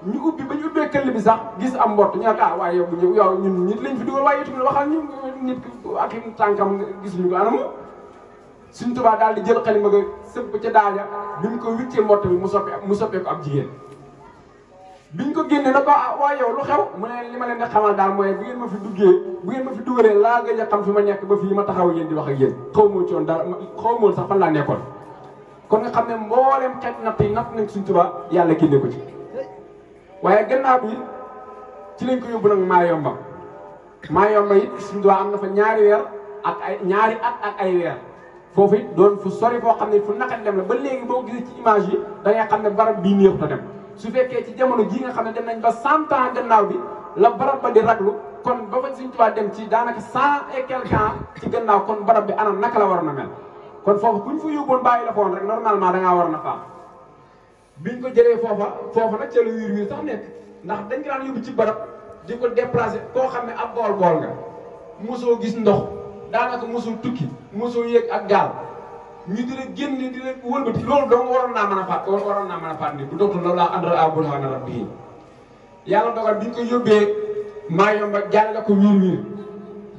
ñu ubbi ba ñu ubbee këll bi sax gis am mbott ñu ne ko ah waaye yow bu yow ñun nit lañ fi dugal waaye itam waxal ñu nit ak tànkam gisuñu ko anam suñ tubaab daal di jël xalima ga sëpp ca daaja bi mu ko wittee mbott bi mu soppi mu soppee ko ab jigéen biñ ko génnee na ko ah, waa yow lu xew mu ne li ma leen di xamal daal mooy bu ngeen ma fi duggee bu ngeen ma fi dugalee laa gëj a xam ma nekk ba fii ma taxaw yéen di wax yéen xaw ma woon dara xaw ma sax fan laa nekkoon. kon nga xam ne mboolem xeet yi natt nañ suñ tuba yàlla génne ko ci waaye gannaaw bi ci lañ ko maa yomba maa yomba it suñ tuba am na fa ñaari weer ak ay ñaari at ak ay weer. foofu it doon fu sori foo xam ne fu naqat dem la ba léegi boo gisee ci image yi da xam ne barab bii neexut a dem. su fekkee ci jamono jii nga xam ne dem nañ ba cent ans gannaaw bi la barab ba di raglu kon ba fa Sëñ Tuubaa dem ci daanaka cent et quelque ci gannaaw kon barab bi ana naka la war a na mel kon foofu kuñ fa yóbboon bàyyi la foon rek normalement da ngaa waroon a faam biñ ko jëlee foofa foofa nag ca la wiir wiir sax nekk ndax dañ ko daan yóbbu ci barab di ko déplacé koo xam ne ab bool bool nga mosoo gis ndox daanaka mosoo tukki mosoo yéeg ak gaal ñu di la génne di la wëlbati loolu dong waroon naa mën a faat waroon naa mën a faat ni bu docteur loolu laa àndal a burhaana rabbi yàlla dogal bi ñu ko yóbbee ko miir miir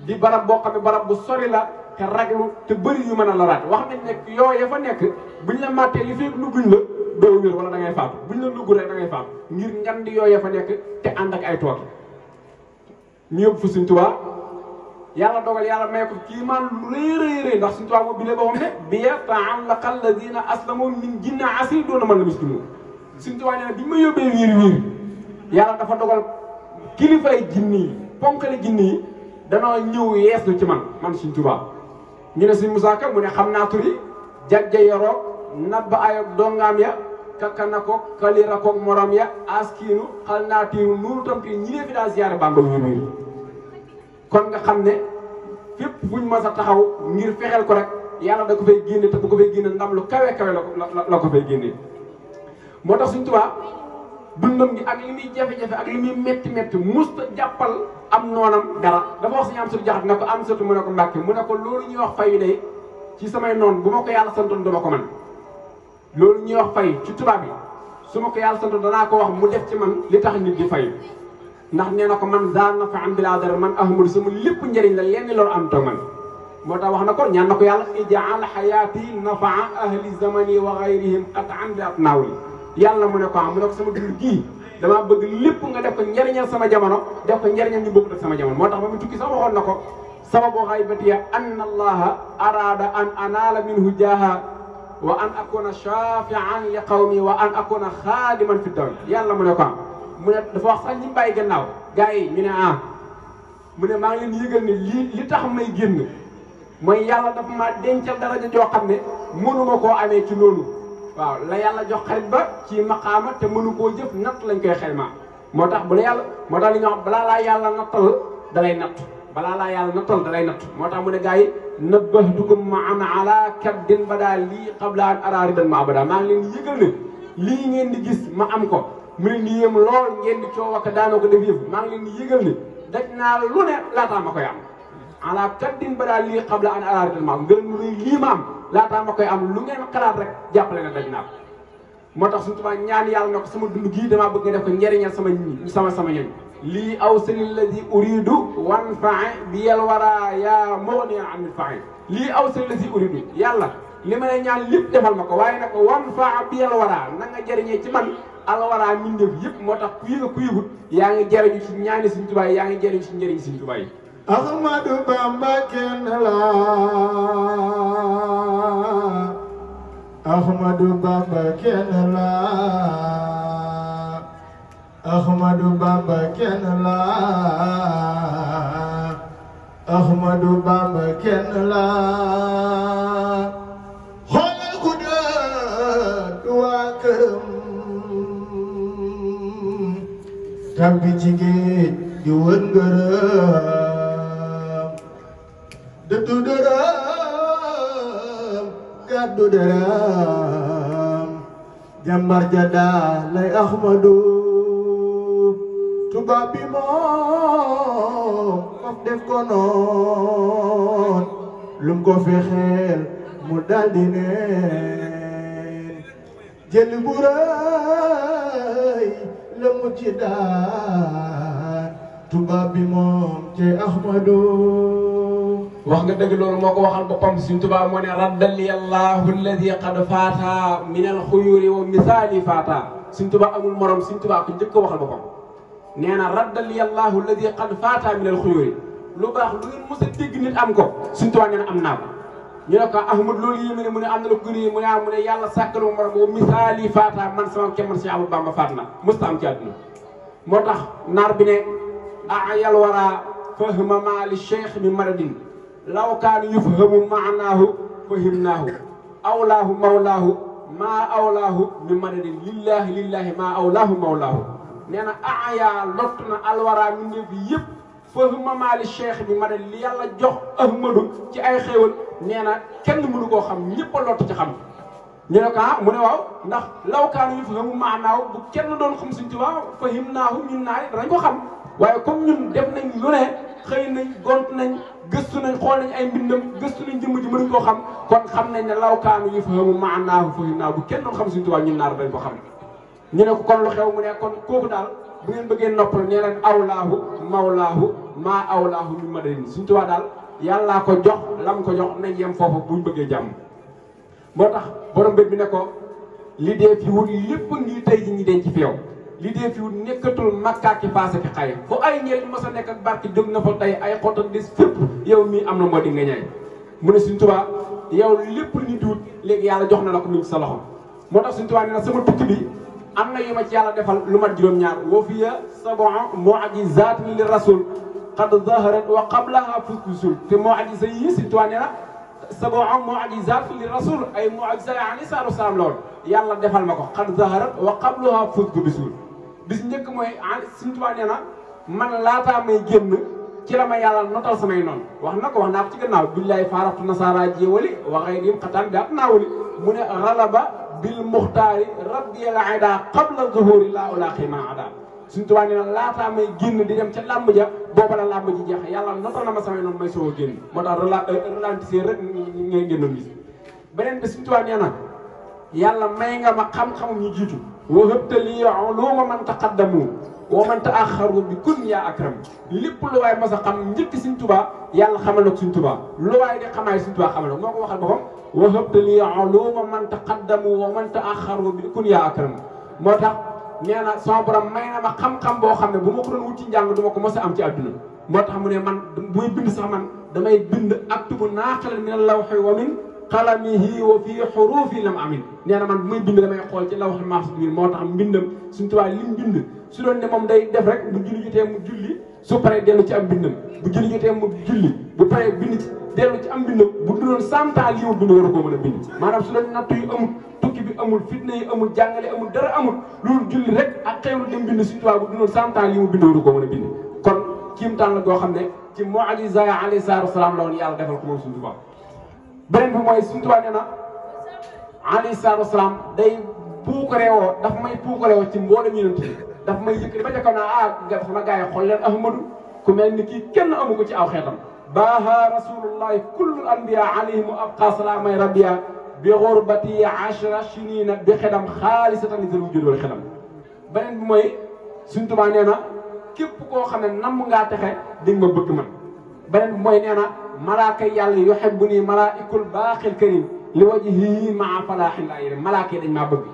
di boo xam ne barab bu sori la te raglu te bëri ñu mën a laraat wax nañ ne yoo ya fa nekk buñ la màttee li fekk dugguñ la doo wér wala da ngay faatu buñ la dugg rek da ngay ngir ngan di yoo ya fa nekk te ànd ak ay tooke ñu yóbbu fu suñ yàlla dogal yàlla may ko kii man lu rëy rëy rëy ndax suñu tubaab moo bindee ne bi ta'allaqa alladina aslamu min jinna asir doona mën la miskinu suñu tubaab nee na bi ma yóbbee wiir yaa yàlla dafa dogal kilifay jinni yi ponkale jinni yi danoo ñëw yeeslu ci man man suñu tubaab ñu ne suñu Musaa mu ne xam naa turi jagja yoroog nabba ayoog dongaam ya kakkana ko kalira koog morom ya askinu xal naa tiiru nuuru tam ki ñi kon nga xam ne fépp buñ mas a taxaw ngir fexeel ko rek yàlla da ko fay génne te bu ko fay génne ndam lu kawe kawe la la ko fay génne moo tax suñ tubaab dundam gi ak li muy jafe-jafe ak li muy métti métti musta jàppal am noonam dara dafa wax suñu am sutu jaxat ne ko am sutu mu ne ko mbàkke mu ne ko loolu ñuy wax fayu day ci samay noon bu ma ko yàlla santoon dama ko man loolu ñuy wax fay ci tubaab yi su ma ko yàlla santoon danaa ko wax mu def ci man li tax nit di fay ndax nee na ko man daal na fa am bilaa man ahmadu sama lépp njariñ la lenn loolu am toog man moo tax wax na ko ñaan yàlla ijaal xayaati nafaa ahli zamani wa gayrihim qatan bi at naaw li yàlla mu ne ko am mu ne ko sama dund gii damaa bëgg lépp nga def ko njëriñal sama jamono def ko njëriñal ñu bëgg def sama jamono moo tax ba mu tukki sax waxoon na ko sababu xaybatiya an allaha araada an anaala minhu jaaha wa an akuna shafian li qawmi wa an akuna xaadiman fi dawl yàlla mu ne ko mu ne dafa wax sax ñi bàyyi gannaaw gars yi ñu ne ah mu ne maa ngi leen yëgal ne lii li tax may génn mooy yàlla dafa ma dencal daraja joo xam ne mënuma koo amee ci loolu waaw la yàlla jox xarit ba ci maqaama te mënu koo jëf natt lañ koy xaymaa moo tax bu la yàlla moo tax li ñu wax balaa laa yàlla nattal dalay natt balaa laa yàlla nattal dalay natt moo tax mu ne gars yi nabbahtukum ma an ala kaddin ba daal lii qabla an araari dan ma abada maa ngi leen yëgal ne lii ngeen di gis ma am ko mu leen di yéem ngeen di coow ak daanoo ko def yëf maa ngi leen di ni daj naa lu ne laataa ma koy am ala kaddin ba daal lii xam la an araaratal maam ngeen mu rëy lii ma am laataa ma koy am lu ngeen xalaat rek jàppale na daj naa ko moo tax suñu tubaab ñaan yàlla na ko sama dund gii damaa bëgg def ko njëriñal sama sama sama ñoñ lii aw sali ladi uridu wan fai bi yel waraa yaa mooni an fai lii aw sali ladi uridu yàlla li ma ne ñaan lépp defal ma ko waaye nag wan faa bi yel waraa na nga jëriñee ci man alawaraa mindeef yëpp moo tax ku yëg yaa ngi jariñu ci ñaani Sëriñ yaa ngi jariñu ci njëriñ Sëriñ Tuubaa Ahmadu Bamba kenn kampi cingit Yuan garam Detu daram Gadu daram Jambar jadah Lai Ahmadu Tuba bimo Kof def konon Lum ko fexel Mu dal dine neen Jël la mujj daan tubaab bi moom ci Ahmadu wax nga dëgg loolu moo ko waxal boppam suñ tubaab moo ne raddali allahu alladi qad faata min al xuyuri wa misaali faata suñ tubaab amul morom suñ tubaab ko njëkk a waxal boppam nee na raddali allahu alladi qad faata min al xuyuri lu baax lu ngeen mës a dégg nit am ko suñ tubaab nee na am naa ko ñu ahmad loolu yéeme ne mu ne am na lu gën yi mu ne ah mu ne yàlla sàkkal ma morom boobu misaali faata man sama kemal si amul bamba faat na musta am ci àdduna moo tax bi ne ah wara fahma ma li cheikh bi maradin law kaan yufhamu maanaahu fahimnaahu awlaahu mawlaahu maa awlaahu mi maradin lillahi lillahi maa awlaahu mawlaahu nee na ah alwara mi ndeef yëpp fa huma maali cheikh bi ma ne li yàlla jox ahmadu ci ay xéewal nee na kenn mënu koo xam ñëpp a lott ci xam ñu ne ah, mu ne waaw ndax lawkaan yu fa mu maanaaw bu kenn doon xam ti tubaab fa him naahu ñun naa danañ ko xam waaye comme ñun def nañ lu ne xëy nañ gont nañ gëstu nañ xool nañ ay mbindam gëstu nañ jëmm ji mënuñ koo xam kon xam nañ ne law lawkaanu yu fa mu maanaahu fa him naahu bu kenn doon xam suñ tubaab ñun naar dañ ko xam ñu ne ko kon lu xew mu ne kon kooku daal bu ngeen bëggee noppal nee leen awlaahu mawlaahu maa awlaahu mi ma den suñ tubaab daal yàllaa ko jox lam ko jox nañ yem foofu buñ bëggee jàmm moo tax borom bi ne ko li dee fi wut lépp ngi tey ji ñi denc fi yow li dee fi wut nekkatul makkaa ki paase ki xaye fu ay ñeel mos a nekk ak barki jóg na fa tey ay xottal dis fépp yow mii am na moo di nga ñaay mu ne suñ tubaab yow lépp nit wut léegi yàlla jox na la ko mi ngi sa loxo moo tax suñ tubaab na sama am na yu ma ci yàlla defal lu mat juróom-ñaar wa fiya sab'u mu'jizatin li rasul qad zaharat wa qablaha fusul te mu'jiza yi si tuwaane la sab'u mu'jizatin li rasul ay mu'jiza ya alayhi salaatu wasalaam lool yàlla defal ma ko qad zaharat wa qablaha fusul bis njëkk mooy suñu tuwaane na man laataa may génn ci la ma yàlla notal samay noonu wax na ko wax naa ko ci gannaaw billahi faaratu nasaara jiwali wa xayrihim xataan daat naawali mu ne xalaba bil muxtaari rabbiyal ada qabla zuhuri laa ulaqi ma ada suñ tubaab nee na laataa may génn di dem ca làmb ja booba la làmb ji jeex yàlla notal na ma samay noonu may soog a génn moo tax euh, ralentissé rek ngay génn gis beneen bi suñ tubaab nee na yàlla may nga ma xam-xamum ñu jiitu wahabta li uluma man taqaddamu wa man taaxaru bi kun yaa akram lu waay mas a xam njëkk Sëñ Tuubaa yàlla xamal na ko Sëñ Tuubaa lu waay di xamaay Sëñ Tuubaa xamal na ko moo ko waxal boppam wahabta li uluma man taqaddamu wa man taaxaru bi kun yaa akram moo tax nee na sama borom may na ma xam boo xam ne bu ma ko doon wut ci ko mos a am moo tax mu ne man buy bind sax man damay bind aktubu naaqala min al lawxi wa min قلمه وفي حروف لم أمن نيانا من مين بند لما يقول جل وعلا ما سد بين موت أم بند سنتوا لين بند سلون نمام داي دفرك بجلي جتة مجلي سوبر ديال جتة أم بند بجلي جتة مجلي بحر بند ديال جتة أم بند بدون سامتا ليو بند وركو من بند ما نعرف سلون نتوي أم توكي بأمور فتنة أمور جانعلي أمور درة أمور لون جلي رك أكيل نم بند سنتوا بدون سامتا ليو بند وركو من بند كم تان لقوا خمدة كم معجزة عليه سار السلام لون يالله دفرك موسى دوبا beneen bi mooy suñu tubaab nee na alayhi salaatu wasalaam day puukaree woo daf may puukaree woo ci mboolem yonent yi daf may yëkkati ba ca kaw nga sama gars yi xool ahmadu ku mel ni kenn amu ci aw xeetam baaha rasulullahi kullu anbiya alayhim abqa salaamay rabbiya bi xurbati ashra sinina bi xedam xaalisatan li wujud wal xedam beneen bi mooy suñu tubaab na képp koo xam ne namm ngaa texe ma bëgg man beneen bi mooy malaaka yàlla yuhibbuni malaaikul baaxil karim li wajhihi maa falaaxin laa yërëm malaaka yi dañ maa bëgg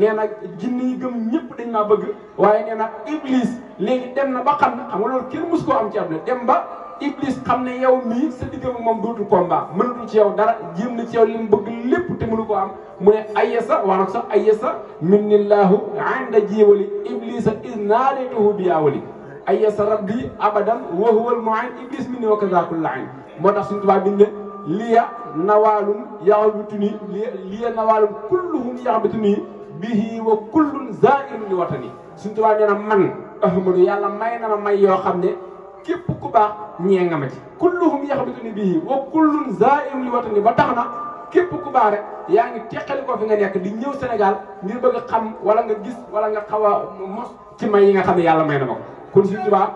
nee na jinne yi gëm ñëpp dañ maa bëgg waaye nee na iblis léegi dem na ba xam ne xam nga loolu kenn mus koo am ci àdduna dem ba iblis xam ne yow mii sa diggam moom dootu combat mënatu ci yow dara jéem na ci yow li mu bëgg lépp te mënu ko am mu ne ayesa warak sax ayesa minnillahu inda jiwali iblisa is naaletuhu biyaawali ayesa rabbi abadan wa huwa al mu'in iblis min ni wa kaza kullu ayn moo tax suñu tubaab biñ ne liya nawaalun yaxabitu nii liya nawaalun bi yaxabitu nii bihi wa kullun zairun li watani suñu tubaab nee na man yàlla may na ma may yoo xam ne képp ku baax ñee nga ma ci bi yaxabitu nii bihi wa kullun zairun li watani ba tax na képp ku baax rek yaa ngi teqali ko fi nga nekk di ñëw Sénégal ngir bëgg xam wala nga gis wala nga xaw a mos ci may yi nga xam ne yàlla may na ma ko kon suñu tubaab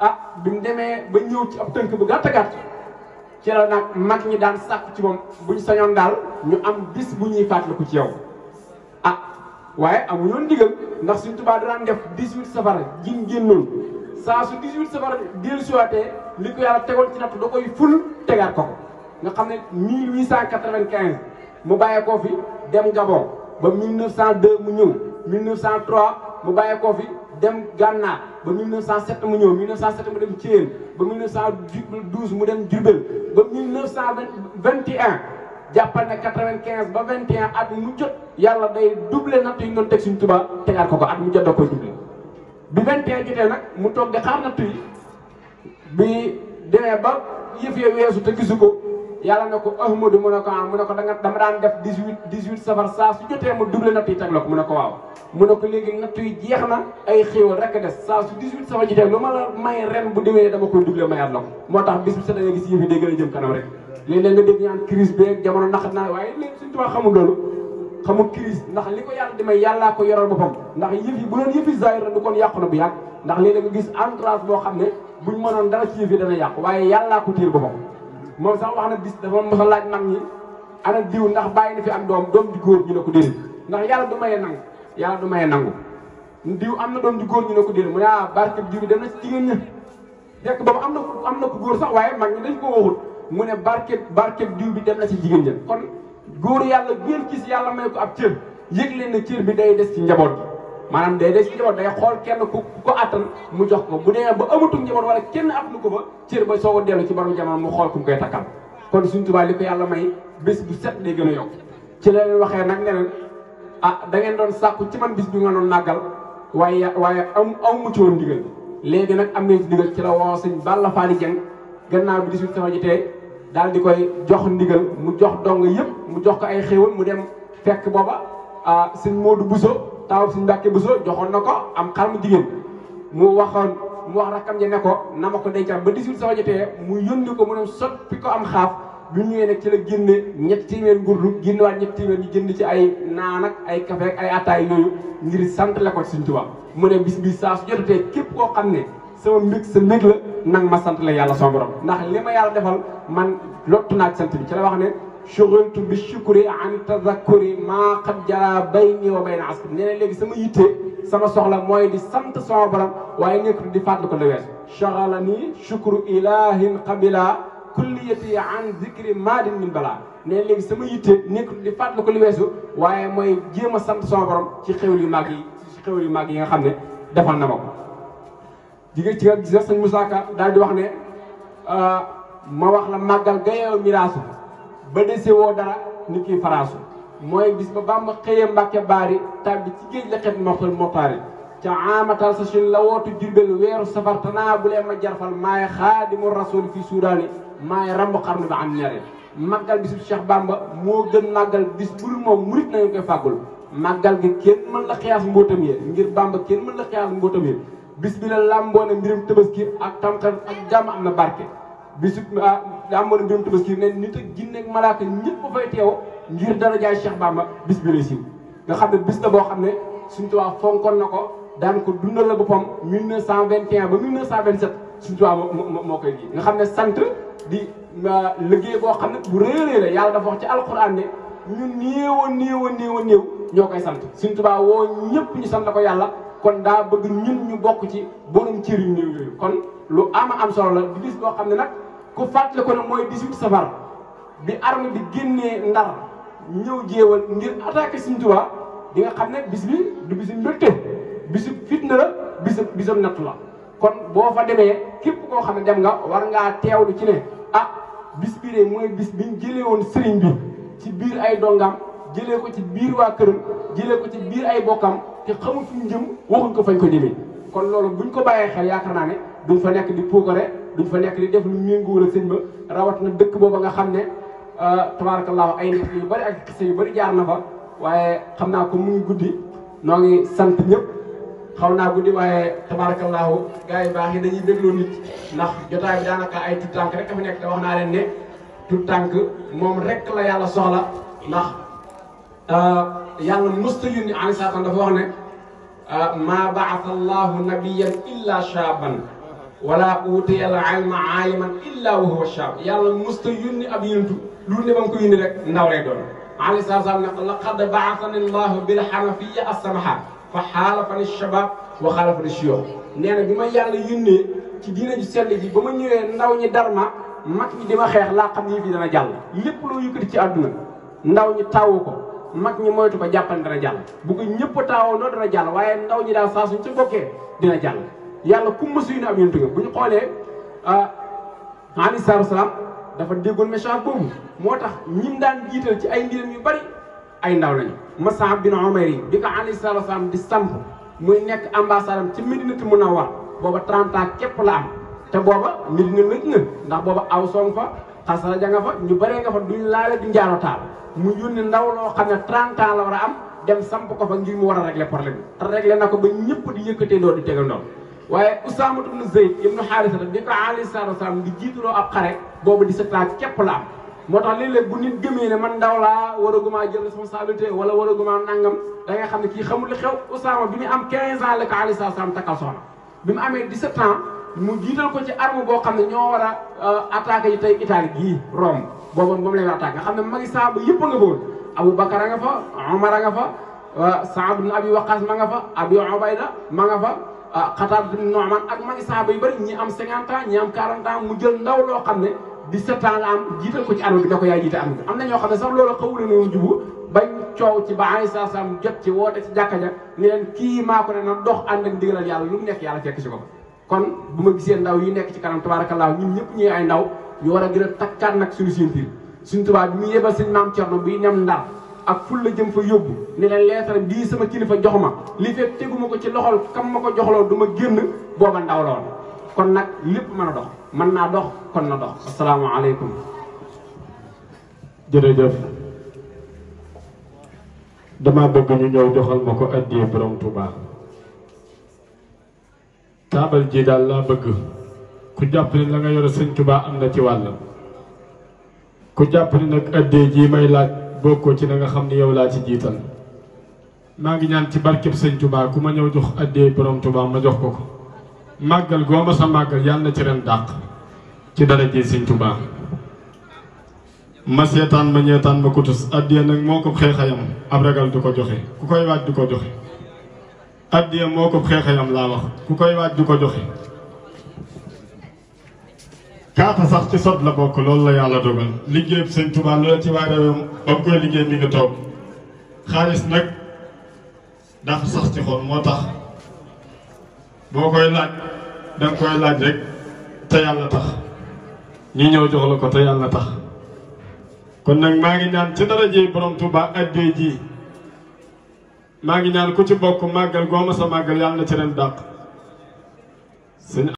ah bi mu demee ba ñëw ci ab tënk bu gàtt gàtt ci la nag mag ñi daan sàkk ci moom buñ sañoon daal ñu am bis bu ñuy fàttaliku ci yow a ah, waaye amuñu woon ndigal ndax suñ tubaab daan def 18 safar jim génnoon saa su 18 safar dellusiwaatee li ko yàlla tegoon ci natt da koy ful tegaat ko nga xam ne 1895 mu bàyyeekoo fi dem Gabon ba 1902 mu ñëw 1903 mu bàyyeekoo fi. dem Gànnaar ba 1907 mu ñëw 1907 mu dem Thiel ba 1912 mu dem Diourbel ba 1921 jàppal ne 95 ba 21 at mu jot yàlla day doublé natt yi ñu teg suñ Tuubaa tegaat ko ko at mu jot da koy doublé. bi 21 jotee nag mu toog di xaar natt yi bi demee ba yëf ya weesu te gisu ko. yàlla na ko ahmadu mu ne ko ah mu ne ko danga dama daan def dix huit dix huit safar saa su jotee ma double natt yi teg la ko waaw mu ne ko léegi natt yi jeex na ay xéewal rek des saa su dix huit safar jotee lu ma la may ren bu déwénee dama koy double mayaat la ko moo tax bis bi sa da nga gis yëf yi gën a jëm kanam rek léeg-léeg nga dégg ñaan crise beeg jamono naqat naa waaye léegi suñu tubaab xamul loolu xamul ndax li ko yàlla yàllaa ko yoral boppam ndax yëf yi bu yàqu na bu yàgg ndax léeg-léeg gis entourage boo xam ne buñ mënoon dara ci yëf yi dana yàqu waaye yàllaa ko tiir boppam moom sax wax na bis dafa ma a laaj mag ñi ana diw ndax bàyyi na fi am doom doom ju góor ñu ne ko déedéet ndax yàlla du maye nangu yàlla du maye nangu diw am na doom ju góor ñu ne ko déedéet mu ne ah barke dem na ci jigéen ña fekk am na am na ku góor sax waaye mag ñi dañ ko waxut mu ne barke barke diw bi dem na ci jigéen ña kon góor yàlla gën gis yàlla may ko ab cër yëg leen ne cër bi day des ci njaboot bi maanaam day des ci day xool kenn ku ko attan mu jox ko bu demee ba amatum njaboot wala kenn at lu ko ba cër ba soog a dellu ci borom jamono mu xool ku mu koy takkal kon suñ tubaab li ko yàlla may bés bu set day gën a yokk ci la waxee nag ne leen ah da ngeen doon sàkku ci man bis bi nga doon nàggal waaye waaye am aw mu ci woon ndigal léegi nag am nañ ci ndigal ci la si sëñ Balla Fally Dieng gannaaw bi dix-huit sama jotee daal di koy jox ndigal mu jox dong yëpp mu jox ko ay xéewal mu dem fekk booba ah sëñ Modou Bousso taw suñu mbàkke bu so joxoon na ko am xar mu jigéen mu waxoon mu wax kam ja ne ko na ma ko dencal ba di 18 soo jotee mu yónni ko mu dem soppi ko am xaaf bu ñëwee nag ci la génne ñetti téeméer ngurdu génne waat ñetti téeméer ñu génn ci ay naan ay kafe ay attaay yooyu ngir sant la suñ ci Sëriñ Tuubaa mu ne bis bi saa su jotee képp koo xam ne sama mbég sa mbég la nang ma sant la yàlla sama borom ndax li ma yàlla defal man lottu naa sant bi ci la wax شغلت بالشكر عن تذكر ما قد جرى بيني وبين عسكر نينا ليغي سما ييتي سما سوخلا موي دي سانت سوما بروم واي نيكو دي فاتلو كو لويس شغلني شكر اله قبل كليتي عن ذكر ما دين من بلا نينا ليغي سما ييتي نيكو دي فاتلو كو لويس واي موي جيما سانت سوما بروم سي خيول يو ماغي سي خيول يو ماغي ييغا خامني دافال نامو ديغي تيغا جيسن موساكا دال دي واخني ا ما واخ لا ماغال غيو ميراسو ba dese woo dara nit ki faraasu mooy bis ba bàmba xëye mbàkke baari tàbbi ci géej la xet moxtal ca amatal sa la wootu jurbel weeru safar tanaa bu leen ma jarfal maay xaadimu rasul fii suudaani maay rambu xarnu bi am ñare màggal bisub Cheikh Bamba moo gën màggal bis bul moom murit nañu koy fàggul màggal gi kenn mën la xiyaas mbootam yi ngir Bamba kenn mën la xiyaas mbootam yi bis bi la làmboone mbirum tëbaski ak tamxarit ak jàmm nga xam ne mbirum tabaski ne nit ak jinne ak malaaka ñëpp ba fay teew ngir dara jaay Cheikh Bamba bis bi réussir nga xam ne bis la boo xam ne Sëriñ Tuubaa fonkoon na ko daan ko dundal la boppam 1921 ba 1927 Sëriñ Tuubaa moo moo koy ji nga xam ne sant di liggéey boo xam ne bu réerée la yàlla dafa wax ci alxuraan ne ñu néew a néew a néew a néew ñoo koy sant Sëriñ Tuubaa woo ñëpp ñu sant la ko yàlla kon daa bëgg ñun ñu bokk ci borom cër yu néew yooyu kon lu ama am solo la di bis boo xam ne nag ko fàttali ko ne mooy 18 safar bi arme bi génnee ndar ñëw jéewal ngir attaqué Sëriñ Tuubaa di nga xam ne bis bi du bisu mbégte bisu fitna la bisu bisam nattu la kon boo fa demee képp koo xam ne dem nga war ngaa teewlu ci ne ah bi mooy bis biñ jëlee woon sëriñ bi ci biir ay dongam jëlee ko ci biir waa këram jëlee ko ci biir ay bokkam te xamul fu ñu jëm waxuñ ko fañ ko jëlee kon loolu buñ ko bàyyee xel yaakaar naa ne duñ fa nekk di puukare du fa nekk di def lu méngoowul a sëñ ba rawat na dëkk booba nga xam ne euh, tabaarakallaahu ay nit yu bëri ak xise yu bëri jaar na fa waaye xam naa ko mu ngi guddi noo ngi sant ñëpp xaw naa guddi waaye tabaarakallaahu gars yi baax yi dañuy dégloo ndax jotaay bi ay tànk rek a nekk te wax naa leen ne tout tànk moom rek la yàlla soxla ndax euh, yàlla musta yónni alayhi dafa wax ne euh, ma baata allahu nabiyan illa shaaban wala utiya al ilma aaliman illa wa huwa shaab yàlla musta yónni ab yëntu lu ne ba rek ndaw lay doon alei saatu salaam ne laqad baasani llahu bil xanafiya assamaha fa xaalafani shabaab wa xaalafani shuyuux nee na bi ma yàlla yónnee ci diina ji ji ba ma ñëwee ndaw ñi darma mag ñi di ma xeex laa xam ni fi dana jàll lépp loo yëkkati ci àdduna ndaw ñi taawu ko mag ñi moytu ko jàppal dana jàll bu ko ñëpp taawoo noo dana jàll waaye ndaw ñi daal saa suñ ci bokkee dina yàlla ku mës yu ne am yonent nga bu ñu xoolee ah, alayhi salaatu salaam dafa déggoon message boobu moo tax ñim daan jiital ci ay mbiram yu bari ay ndaw lañu Mus'ab bin Umayr yi bi ko alayhi salaatu salaam di samp muy nekk ambassadam ci mun Madinatu Munawwara booba 30 ans la am te booba Madina métti na ndax booba aw song fa xasara ja nga fa ñu baree nga fa duñ laale du njaaro taal mu yónni ndaw loo xam ne 30 la war a am dem samp ko fa ngir mu war a régler problème na ko ñëpp di yëkkatee di tegandoo waaye Usaamatu ibnu Zayd ibnu Xaarisa la bi ko alayhi salaatu wa salaam di jiituloo ab xare boobu di seetaan képp la am moo tax léeg-léeg bu nit gëmee ne man ndaw laa waraguma jël responsabilité wala waraguma nangam da nga xam ne kii xamul li xew Usaama bi mu am 15 ans la ko alayhi salaatu wa salaam takkal soxna bi mu amee 17 ans mu jiital ko ci armo boo xam ne ñoo war a euh, attaqué yi tey Italie gii Rome boobu moom la ñuy attaqué nga xam ne magi saaba yëpp a nga boon Abu Bakar a nga fa Omar a nga fa euh, Saad ibn Abi Waqaas ma nga fa Abi Ubayda ma nga fa Ah, xataab bin Nu'man ak magi saaba yu bëri ñi am 50 ñi am 40 mu jël ndaw loo xam ne di ans am jiital ko ci arme bi ne ko yaay jiite arme bi am na ñoo xam ne sax loolu xawule noonu jubu bañ coow ci ba ay saasaam jot ci woote ci jàkka ja ne kii maa ko ne na dox ànd ak ndigalal yàlla lu mu nekk yàlla fekk si ko kon bu ma gisee ndaw yi nekk ci kanam tabaarakallaa ñun ñëpp ñuy ay ndaw ñu war a gën a takkaat nag suñu seen biir bi mu yebal ak ful la jëm fa yóbbu ne la leetar bii sama kilifa jox ma li fekk tegu ko ci loxol kam ma ko joxloo duma génn booba ndaw lool kon nag lépp ma a dox mën naa dox kon na dox asalaamaaleykum jërëjëf dama bëgg ñu ñëw joxal ma ko addiyee borom Tuubaa taabal ji daal laa bëgg ku jàpp ni la nga yore sëñ Tuubaa am na ci wàll ku jàpp ni nag addiyee ji may laaj bokkoo ci na xam ni yow laa ci jiital maa ngi ñaan ci barkeb sëñ Touba ku ma ñëw jox addee borom Touba ma jox ko ko màggal goo ma sa màggal yàlla na ci ren dàq ci dara ji sëñ Touba ma seetaan ma ñeetaan ma kutus addee nag moo ko xeexayam ab ragal du ko joxe ku koy waaj du ko joxe addee moo ko xeexayam laa wax ku koy waaj du ko joxe kaata sax ci sot la bokk loolu la yàlla dogal liggéey sëñ Tuubaa lu la ci waa réewam ba mu koy liggéey mi ngi toog xaalis nag dafa sax ci xol moo tax boo koy laaj danga koy laaj rek te yàlla tax ñu ñëw jox la ko te yàlla tax kon nag maa ngi ñaan ci dara ji borom Tuubaa addee ji maa ngi ñaan ku ci bokk màggal gooma sa màggal yàlla na ci ren dàq